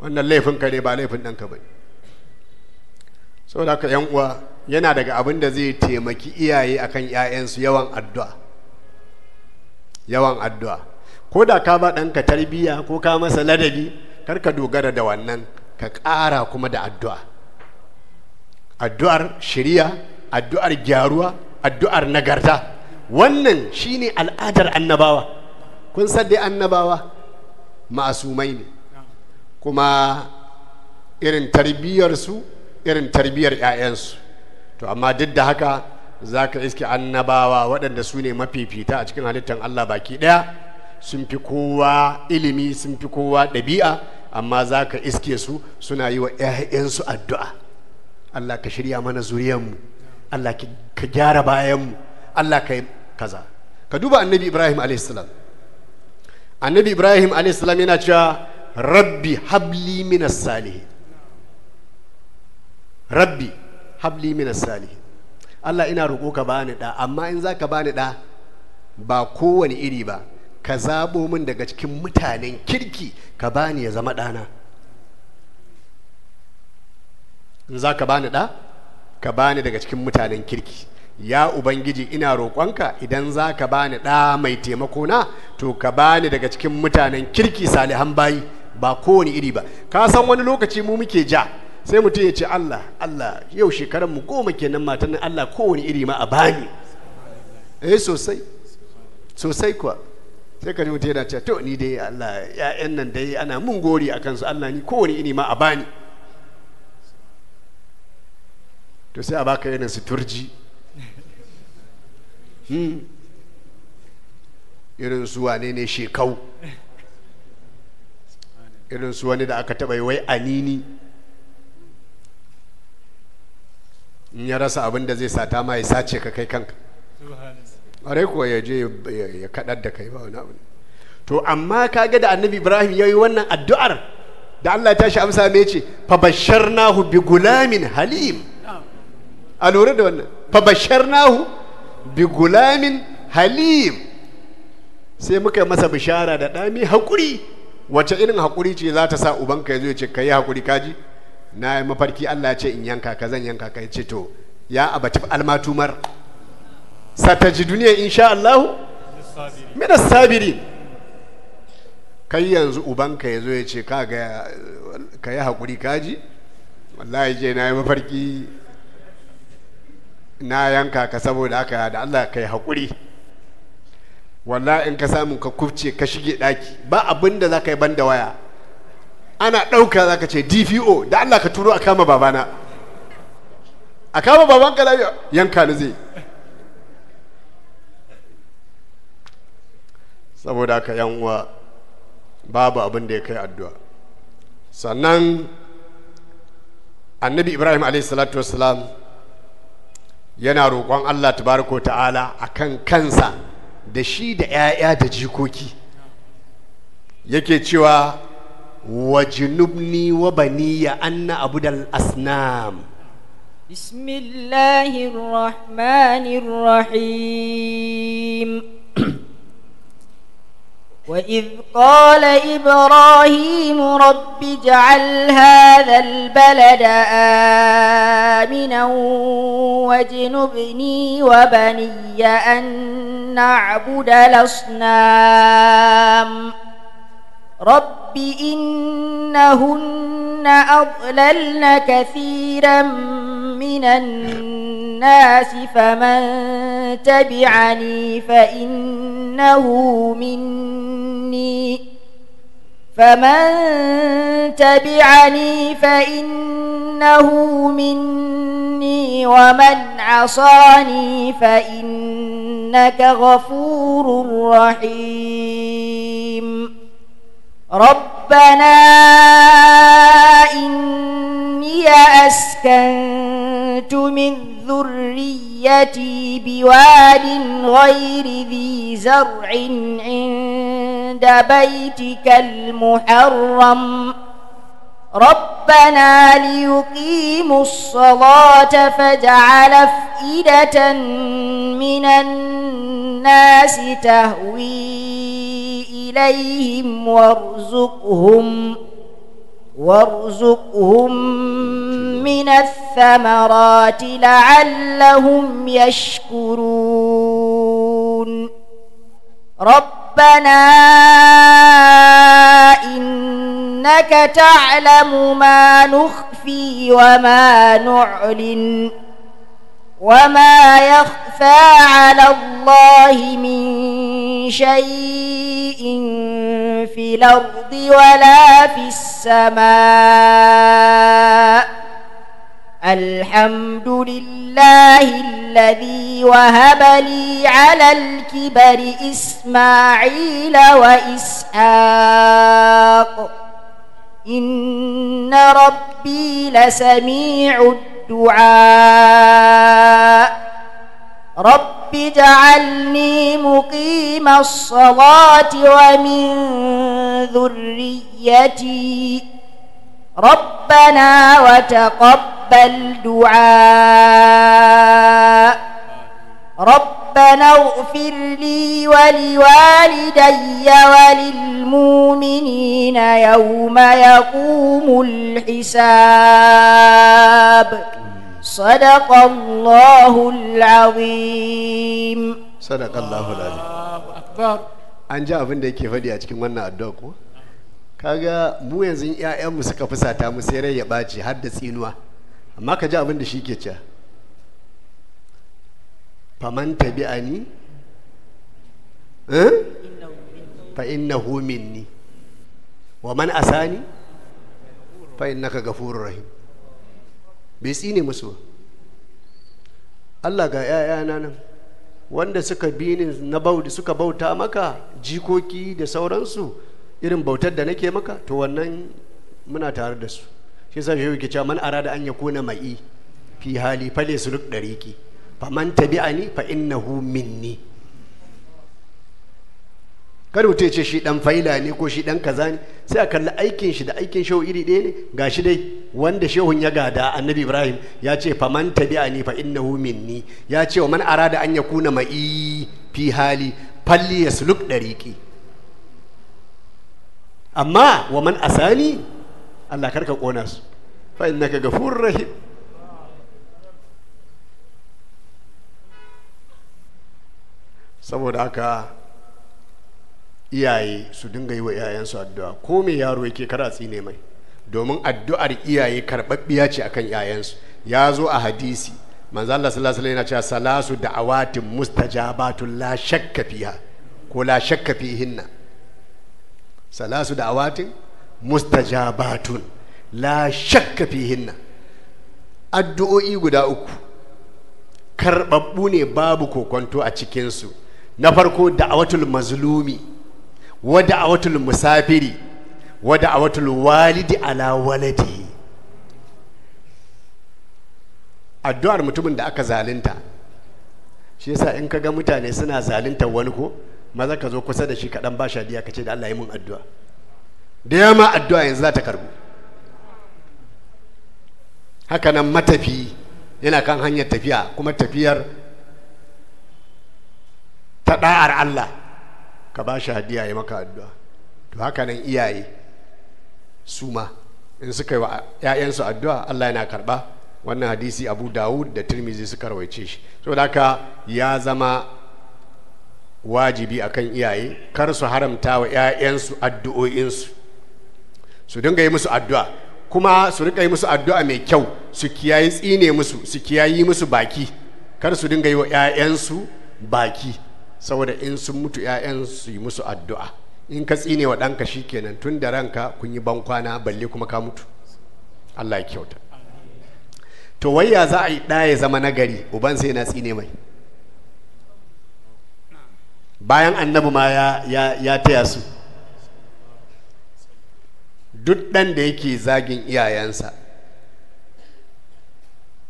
B: wannan laifin ka ne ba laifin ɗanka ba saboda haka yan uwa yana daga abin da zai taimaki iyaye akan 'ya'yansu yawan addu'a yawan addu'a ko da ka ba ɗanka tarbiyya ko ka masa ladabi karka dogara da wannan ka ƙara kuma da addu'a addu'ar shirya addu'ar gyaruwa addu'ar nagarta wannan shine al'adar annabawa kun san dai annabawa ma'asumai ne kuma irin su irin tarbiyyar 'ya'yansu to amma duk da haka za ka iske annabawa waɗanda su ne mafifita a cikin halittar allah baki ɗaya sun fi kowa ilimi sun fi kowa ɗabi'a amma za ka iske su suna yi wa 'ya'yansu addu'a allah ka shirya mana zuriyarmu allah ka gyara bayanmu allah ka yi kaza ka duba annabi ibrahim alaihissalam annabi ibrahim a.s. yana cewa rabbi habli minas salihin rabbi habli minas salihin allah ina roƙo ka bani ɗa amma in za ka bani ɗa ba kowane iri ba ka zaɓo min daga cikin mutanen kirki ka bani ya zama ɗana in za ka bani ɗa ka bani daga cikin mutanen kirki ya ubangiji ina roƙonka idan za ka bani ɗa mai taimako na to ka bani daga cikin mutanen kirki salihan bayi ba kowane iri ba ka san wani lokaci mu muke ja sai mutum ya ce Allah Allah yau shekaran mu goma kenan matan Allah kowane iri ma a bani eh sosai sosai kuwa sai ka ji mutum yana cewa to ni dai Allah ya'yan nan dai ana mun gori a kansu Allah ni kowane iri ma a bani to sai a baka irin su turji Hmm. irin su wane ne shekau irin su wani da aka taɓa yi wai anini in ya rasa abin da zai sata ma ya sace ka kai kanka ware kuwa ya je ya kaɗar da kai ba wani abu to amma ka ga da annabi ibrahim ya yi wannan addu'ar da allah ta shi amsa mai ce fabashar nahu bi gulamin halim a lura da wannan fabashar nahu bi gulamin halim sai muka masa bishara da ɗami haƙuri wace irin haƙuri ce za ta sa ubanka ya zo ya ce ka yi haƙuri kaji na yi mafarki Allah ce in yanka ka zan yanka ka ya ce to ya abati almatumar sataji duniya insha Allahu
A: mina sabiri
B: kai yanzu ubanka ya zo ya ce ka yi haƙuri kaji wallahi je na yi mafarki na yanka ka saboda haka da Allah kai haƙuri walla in ka samu ka kufce ka shige ɗaki ba abin da za ka yi ban da waya ana ɗauka za ka ce dpo da Allah ka turo a kama babana a kama babanka lafiya yanka ni zai saboda haka yan uwa babu abin da ya kai addu'a sannan annabi ibrahim alaihi salatu yana roƙon Allah tabaraka ta'ala akan kansa da shi da 'ya'ya da jikoki yake cewa jinubni wa baniya anna abudal asnam
D: بسم da الرحمن وإذ قال إبراهيم رب اجعل هذا البلد آمنا واجنبني وبني أن نعبد الأصنام رب إنهن أضللن كثيرا من الناس فمن تبعني فإنه مني فمن تبعني فإنه مني ومن عصاني فإنك غفور رحيم ربنا إني أسكنت من ذريتي بواد غير ذي زرع عند بيتك المحرم ربنا ليقيموا الصلاة فاجعل أفئدة من الناس تهوي إليهم وارزقهم وارزقهم من الثمرات لعلهم يشكرون رب ربنا إنك تعلم ما نخفي وما نعلن وما يخفى على الله من شيء في الأرض ولا في السماء الحمد لله الذي وهب لي على الكبر إسماعيل وإسحاق إن ربي لسميع الدعاء رب اجعلني مقيم الصلاة ومن ذريتي ربنا وتقبل دعاء ربنا اغفر لي ولوالدي وللمؤمنين يوم يقوم الحساب صدق الله العظيم
B: صدق الله العظيم الله أكبر أنجا ji abin da yake faɗi a kaga mu yanzu 'ya'yanmu suka fusata mu sai rai ya ɓaci har da tsinuwa amma ka ji abin da shi ke cewa faman tabi'ani eh? fa homin minni wa man asani fa ka ghafurur rahim bai tsine musu Allah ga 'ya'yana nan wanda suka bi ni na suka bauta maka jikoki da sauransu irin bautar da nake maka to wannan muna tare da su shi sa shehu ke cewa man arada an yakuna ma'i fi hali fale suluk dariki fa man tabi'ani fa innahu minni kada mutum ce shi dan faila ne ko shi dan kaza ne sai a kalli aikin shi da aikin shehu iri ɗaya ne gashi dai wanda shehun ya gada annabi ibrahim ya ce fa man tabi'ani fa innahu minni ya ce wa man arada an yakuna ma'i fi hali falli yasluk dariki amma wa man asani Allah karka kona su fa innaka ghafurur rahim saboda haka iyaye su dinga yi wa iyayensu addu'a ko mai yaro yake kara ne mai domin addu'ar iyaye karɓaɓɓiya ce akan iyayensu ya zo a hadisi manzo Allah sallallahu alaihi wasallam yana cewa salasu da'awatin mustajabatun la shakka fiha ko la shakka fihinna salasu da awatin mustajabatun la shakka fihinna addu'o'i guda uku karɓaɓɓu ne babu kokonto a cikinsu na farko da'awatul mazlumi wa da'awatul musafiri wa da'awatul walidi ala waladi addu'ar mutumin da aka zalunta shi yasa in kaga mutane suna zalunta wani ko maza ka zo kusa da shi kaɗan ba diya ka ce da Allah yi mun addu'a da yama addu'a yanzu za ta karbu haka nan matafi yana kan hanyar tafiya kuma tafiyar ta da'ar Allah ka ba shi diya ya maka addu'a to haka nan iyaye su ma in suka yi wa 'ya'yansu addu'a Allah yana karɓa wannan hadisi abu dawud da tirmizi suka rawaice shi saboda haka ya zama wajibi akan iyaye kar su haramta wa 'ya'yansu addu'o'insu su dinga yi musu addu'a kuma su rika yi musu addu'a mai kyau su kiyayi tsine musu su kiyayi musu baki kar su dinga yi wa 'ya'yansu baki saboda in sun mutu 'ya'yansu yi musu addu'a in ka tsine wa ɗanka shi kenan tun da ranka kun yi bankwana balle kuma ka mutu Allah ya kyauta to ya za a yi ɗaya zama nagari uban sai na tsine mai bayan annabi ma ya taya su duk ɗan da yake zagin iyayensa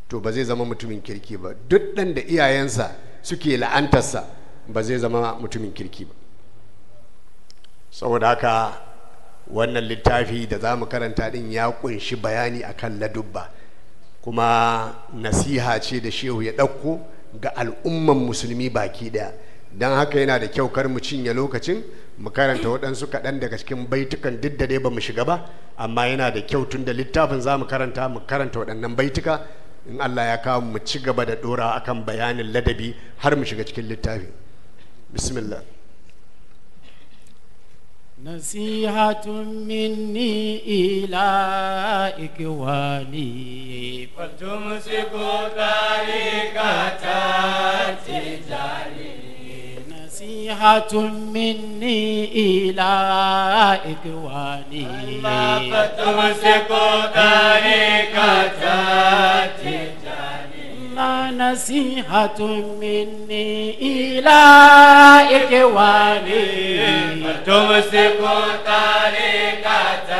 B: to ba zai zama mutumin kirki ba duk ɗan da iyayensa suke la'antarsa ba zai zama mutumin kirki ba saboda haka wannan littafi da za mu karanta ɗin ya kunshi bayani akan ladubba kuma nasiha ce da shehu ya ɗauko ga al'umman musulmi baki ɗaya don haka yana da kyau kar mu cinye lokacin mu karanta waɗansu kaɗan daga cikin baitukan duk da dai ba mu shiga ba amma yana da kyau tun da littafin za mu karanta mu karanta waɗannan baituka in Allah ya kawo mu ci gaba da ɗora akan bayanin ladabi har mu shiga cikin littafi bismillah
E: ikwani مني su إخواني
A: فلتمسكوا طريقة jari
E: نصيحة مني إلى إخواني ألا
A: فتمسكوا ذلك
E: لا نصيحة مني إلى إخواني
A: ذلك طريقة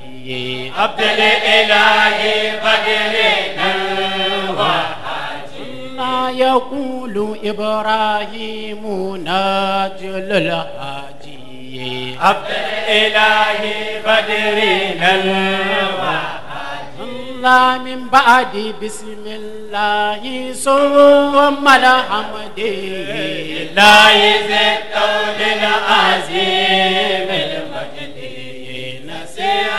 E: ما يقول إبراهيم ناجل الحاجي عبد
A: الإله بدرنا
E: الله من بعد بسم الله ثم الحمد
A: لله ذي الطول العظيم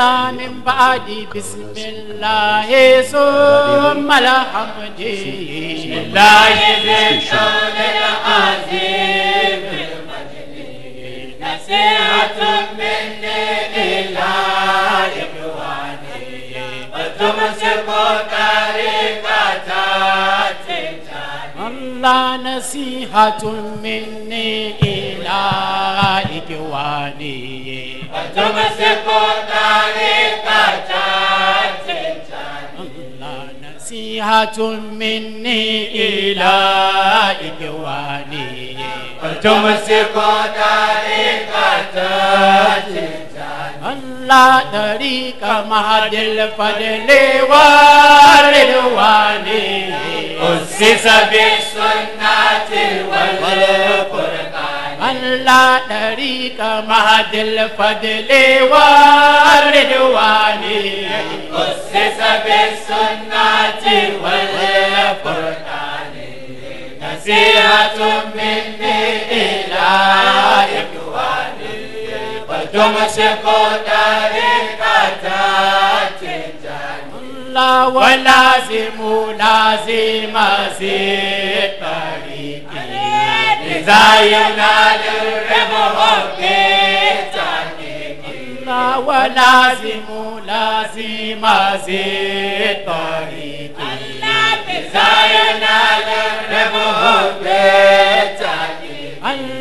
E: رضا من بعدي بسم الله ثم الحمد لله ذي الشغل العظيم
A: نصيحة مني إلى إخواني وتمسك طريقة تجاه
E: لا نصيحة مني إلى إخواني فتمسكوا طريقة لا نصيحة مني إلى إخواني وتمسك طريقة لا طريق مهد الفضل والرضوان
A: أسس بالسنة والقرآن
E: لا طريق مهد الفضل والرضوان
A: أسس بالسنة والقرآن نصيحة مني إلى إخواني وتمسك طريقة تجاني
E: ولازم لازم أسير طريقي إذا ينال الربح بتحقيقي ولازم لازم أسير طريقي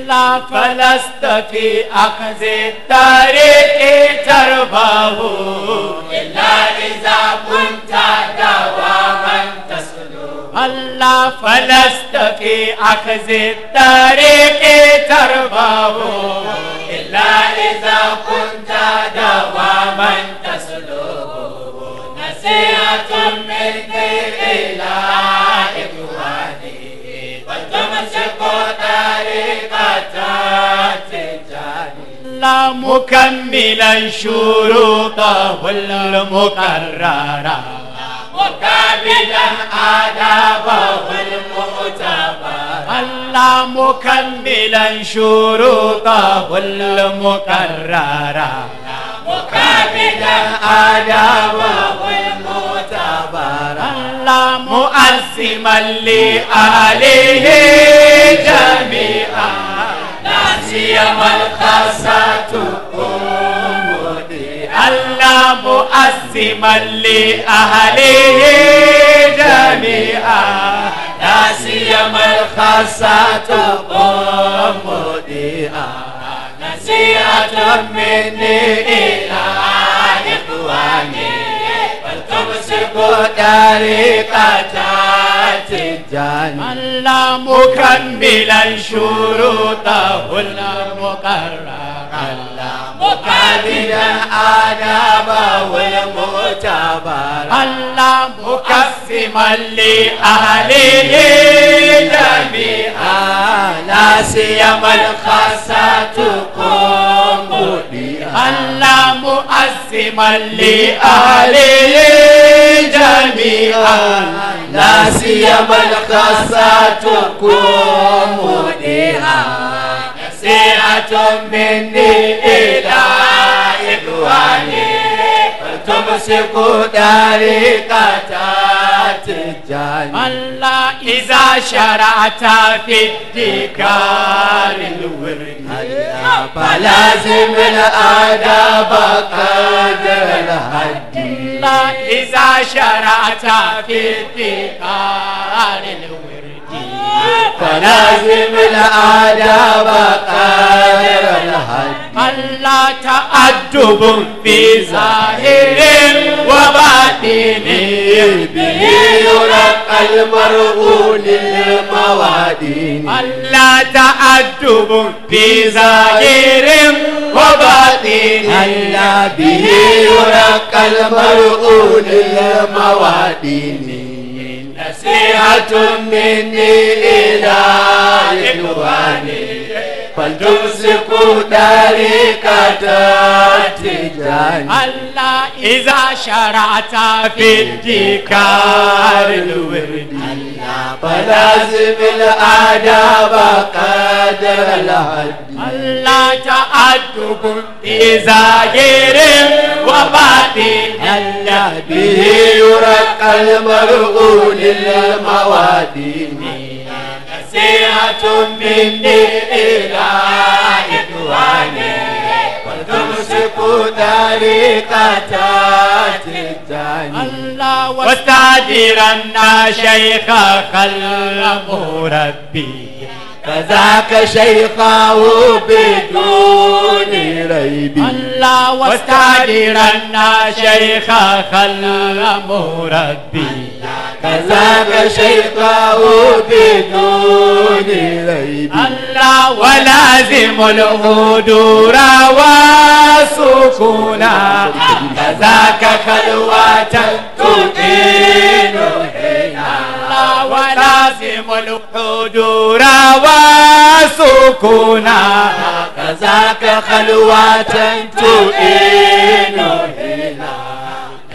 A: لا فلست في أخذ الطريق تربه إلا إذا كنت دواما تسلو
E: ألا فلست في أخذ الطريق تربه إلا إذا كنت دواما
A: تسلو نسيئة من غير الله لا مكملا شروطه المقررة وكاملا آدابه المعتبر الله مكملا شروطه المكررة مكاملا آدابه المعتبر الله مؤزما لآله جميعا لا سيما الخاصة مؤسما لأهله جميعا لا سيما الخاصة
E: مضيئا
A: نسيئة مني إلى إخواني فلتمسكوا طريقة الجاني
E: ألا مكملا شروطه المقررة مكافئا
A: آدابا والمعتبر
E: الله مقسما
A: لأهله جميعا لا سيما
E: الخاصة قوم الله مقسما لأهله
A: جميعا لا سيما الخاصة قوم مني يسلك طريقة التجاني الله إذا شرعت في الدكار الورد فلازم الآداب قدر الهدي
E: الله إذا شرعت في الدكار الورد تنازم الأعداء
A: وقادر الهدي ألا تأدب في ظاهر وباطن به يرقى المرء للموادين ألا تأدب في ظاهر وباطن ألا به يرقى المرء للموادين نصيحة مني إلى إخواني فلتمسكوا طريقة التجاني الله إذا شرعت في ابتكار الورد الله فلازم الآداب قدر الهدي الله تأدب في ظاهر وباطن الله به يرقى تهدئة من إلى إخواني وتمسك طريقة الثاني
E: واستعذرن
A: شيخ خلق
B: ربي
A: فذاك شيخه بدون ريب الله واستعيرنا شيخ خل مربي كذاك شيخه بدون ريب الله ولازم الهود رواسكنا كذاك خلوة تقيم ولازم الوحود وسكونا كذاك خلوة تؤين هنا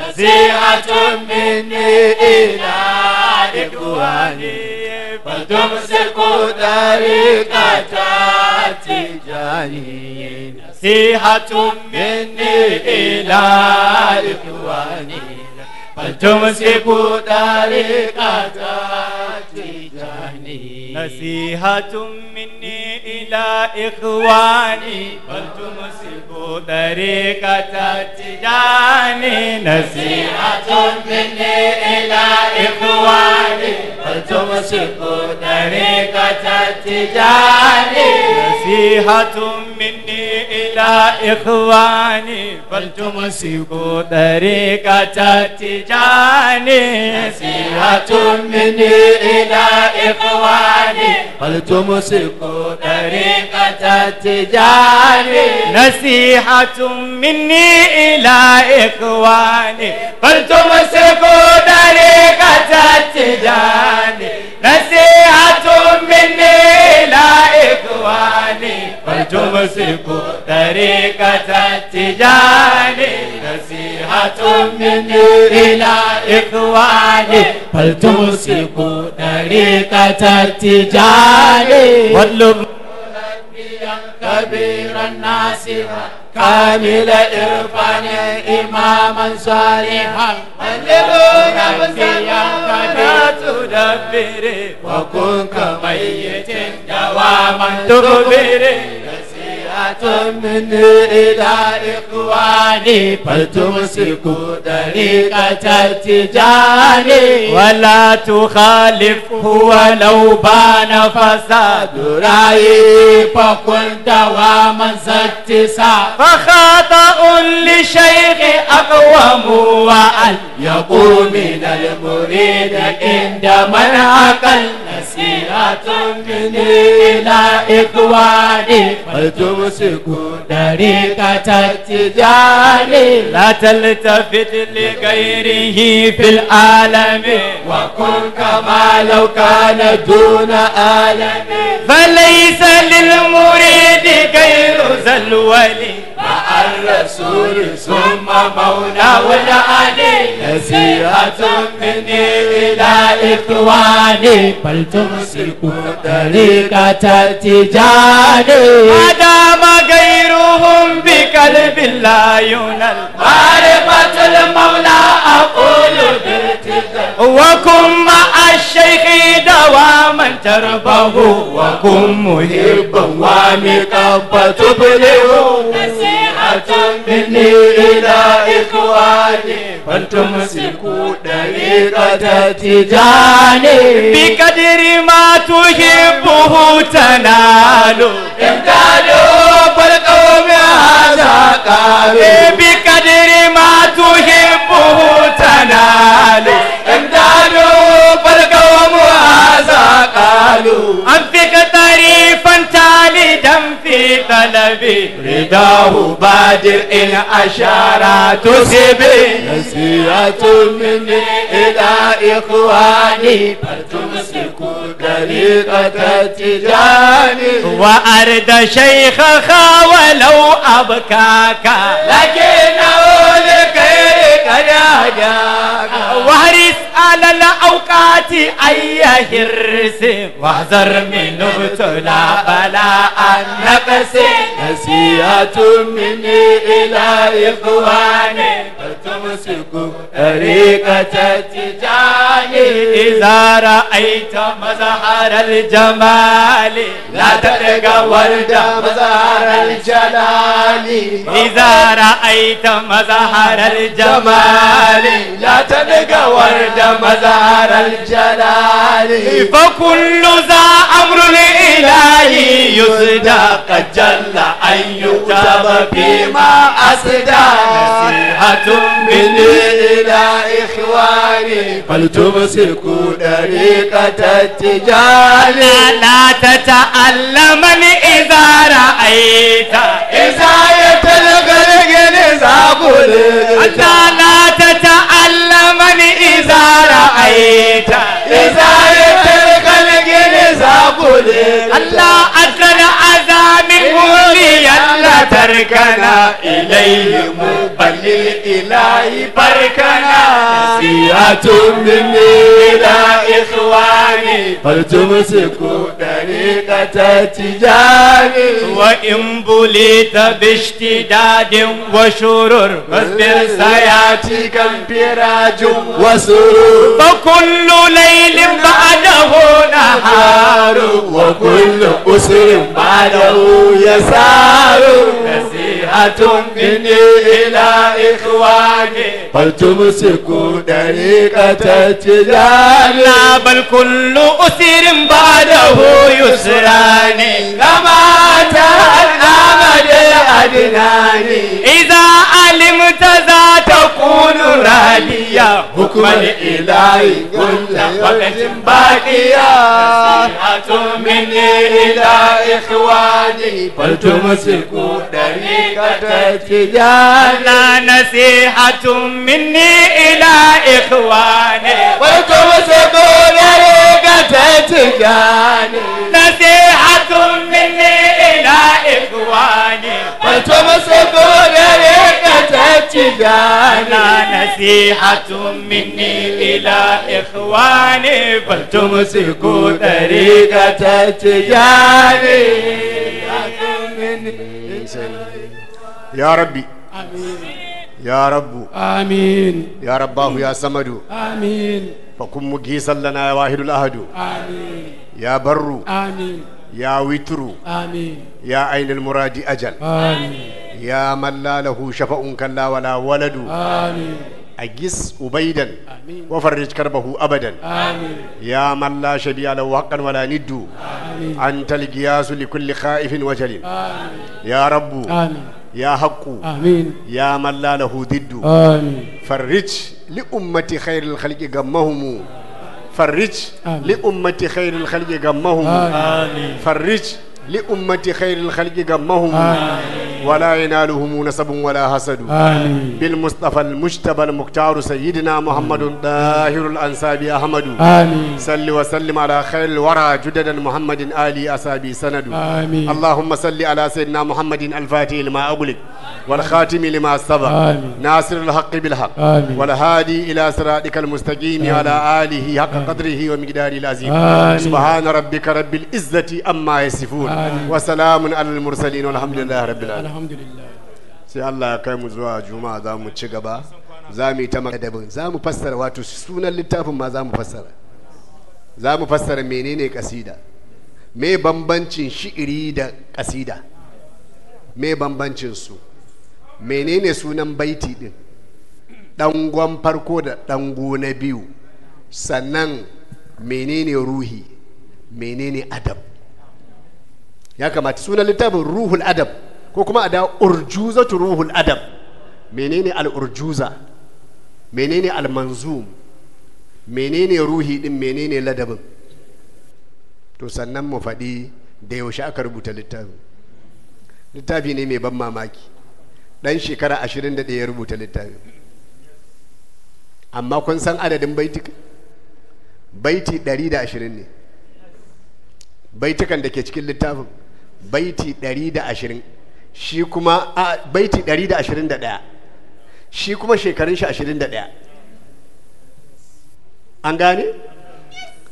A: نزيعة مني إلى إخواني فتمسك طريقة التجاني نصيحة مني إلى إخواني
E: طريقة تجاني
A: نصيحة مني إلى إخواني طريقة التجاني نصيحة مني إلى إخواني فلتمسكوا طريقة التجاني نصيحة مني إلى إخواني فلتمسكوا طريقة التجاني نصيحة مني إلى إخواني فلتمسكوا طريقة التجاني نصيحة तुम मिन्नी इला इखवाने पर तुम से को डरेगा सच जाने नसे तुम मिन्नी इला इखवाने पर तुम से को डरेगा जाने नसे तुम मिन्नी इला इखवाने पर तुम से को डरेगा जाने वल्लभ
E: कबीर नासिहा
A: kami la
E: irfani imaman salihan haleluya bersama kami tu
A: dapiri wakun kemayyitin
E: jawaman tu
A: biri
E: من إلى إخواني
A: فلتمسكوا طريقة التجاني ولا تخالفه ولو بان فساد رأيي فكن دواما زاتسا فخطأ لشيخ أقوم وأن يقوم من المريد عند من عقل نسيئة من إلى إخواني فلتمسكوا وسكون طريقة التجاري لا تلتفت لغيره في العالم وكن كما لو كان دون عالم فليس للمريد غير ذا الرسول ثم مولى والعلي نزيهة مني إلى إخواني بل تمسكوا طريقة التجاني ما دام غيرهم بقلب لا ينال معرفة المولى أقول وكن مع الشيخ دواما تربه وكن محبا ومقبة تبلغ مني إلى إخواني فلتمسكوا طريقة تجاني بقدر ما تحبه تنالوا امدادوا بالقوم هذا قابل بقدر ما تحبه تنالوا امدادوا بالقوم هذا قالوا أنفق طريفا جامدا في طلبي رداه بادر إن أشار تسبي نسيئة مني إلى إخواني فتمسكوا طريقة تجاني وأرد شيخك ولو أبكاك لكنه لخيرك يا جاك وهرس طال الأوقات أي هرس واحذر من ابتلى بلاء النفس نسيئة مني إلى إخواني فتمسكوا طريقة التجاه إذا رأيت مظهر الجمال لا تلقى ورد مظهر الجلال إذا رأيت مظهر الجمال لا تلقى ورد مزار الجلال فكل ذا أمر الإلهي يسدى قد جل أن يكتب فيما أسدى نصيحة من إلى إخواني
B: فلتمسكوا
A: طريقة التجار لا تتالم إذا رأيت إذا يتلغى الغلاب لا تتألمن ta Isa ya tarkar gini zakuli Allah akana موليا تركنا إليه مقبل الإله بركنا مني إلى إخواني طريقة وإن بليت باشتداد وشرور فاصبر وسرور فكل ليل بعده نهار
B: وكل أسر
A: بعده اليسار نسيحه مني إلى إخواني
B: هل تمسكوا طريقة التجار
A: لا بل كل أسير بعده يسراني كما ترى الأمل أدناني إذا رالية
B: حكم الإلهي كل
A: قبلة باقية نصيحة مني إلى إخواني
B: فلتمسكوا
A: طريقة التجانة نصيحة مني إلى إخواني فلتمسكوا طريقة التجانة نصيحة مني إلى إخواني فلتمسكوا انا نصيحة مني الى اخواني فلتمسكوا طريقة تجاني
B: يا ربي يا رب امين يا رباه يا سمد امين فكم مجيسا لنا يا واحد الاهد
E: امين
B: يا بر امين يا ويترو آمين يا عين المراد أجل آمين يا من لا له شفاء كلا ولا ولد آمين أجس أبيدا آمين. وفرج كربه أبدا آمين. يا من لا شبيه له حقا ولا ند آمين. أنت القياس لكل خائف وجل آمين. يا رب آمين. يا حق آمين. يا من لا له ضد آمين. فرج لأمة خير الخلق قمهم آمين. فرج لأمة خير الخلق غمهم فرج لأمة خير الخلق قمهم ولا ينالهم نسب ولا حسد بالمصطفى المجتبى المختار سيدنا محمد طاهر الأنساب أحمد آمين. سل وسلم على خير الورى جددا محمد آلي أسابي سند اللهم صل على سيدنا محمد الفاتح لما أغلق والخاتم لما سبق ناصر الحق بالحق والهادي إلى صراطك المستقيم على آله حق قدره ومقداره العظيم سبحان ربك رب العزة أما يصفون wa salamun alal mursalin walhamdulillahi rabbil alamin sai Allah ya kai mu zuwa juma'a za mu ci gaba za mu yi ta makadabin za mu fassara wato sunan littafin ma za mu fassara za mu fassara menene kasida me bambancin shi'iri da kasida me bambancin su menene sunan baiti din dangon farko da dango na biyu sannan menene ruhi menene adab ya kamata sunan littafin ruhul adab ko kuma a da urjuzatu ruhul adab menene al-urjuza menene al-manzum menene ruhi din menene ladabin to sannan mu faɗi da yaushe aka rubuta littafin littafi ne mai ban mamaki ɗan shekara ashirin da ɗaya ya rubuta littafin amma kun san adadin baitika baiti ɗari da ashirin ne baitukan da ke cikin littafin baiti 120 shi kuma a baiti 121 shi kuma shekarun shi 21 an gane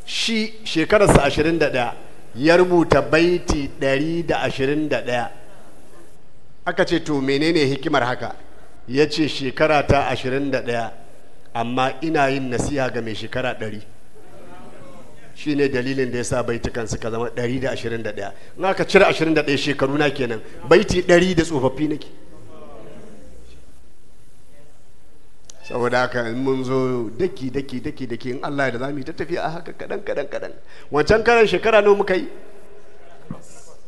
B: shi shekararsa 21 ya rubuta baiti 121 aka ce to menene hikimar haka ya ce shekara ta 21 amma ina yin nasiha ga mai shekara 100 Shi ne dalilin da ya sa baitukan suka zama 121 in aka cire 21 shekaru na kenan baiti 100 da tsofaffi nake saboda haka mun zo daki daki daki daki in Allah da zamu ta tafiya a haka kadan kadan kadan wancan karan shekara nawa muka yi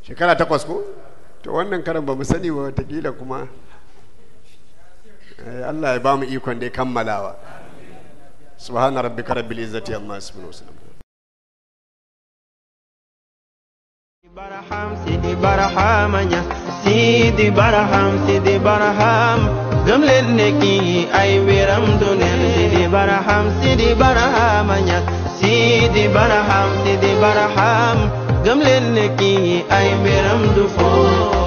B: shekara takwas ko to wannan karan ba mu sani ba watakila kuma eh, Allah ya ba mu ikon dai kammalawa subhana rabbika rabbil izzati amma yasifun wa
A: Barham, Sidi Barham a ñas Sidi Barham Sidi Barham gëm leen ne kii ay wiram du neen Sidi Barham Sidi Barham a ñas Sidi Barham Sidi Barham gëm leen ne kii ay wiram du fo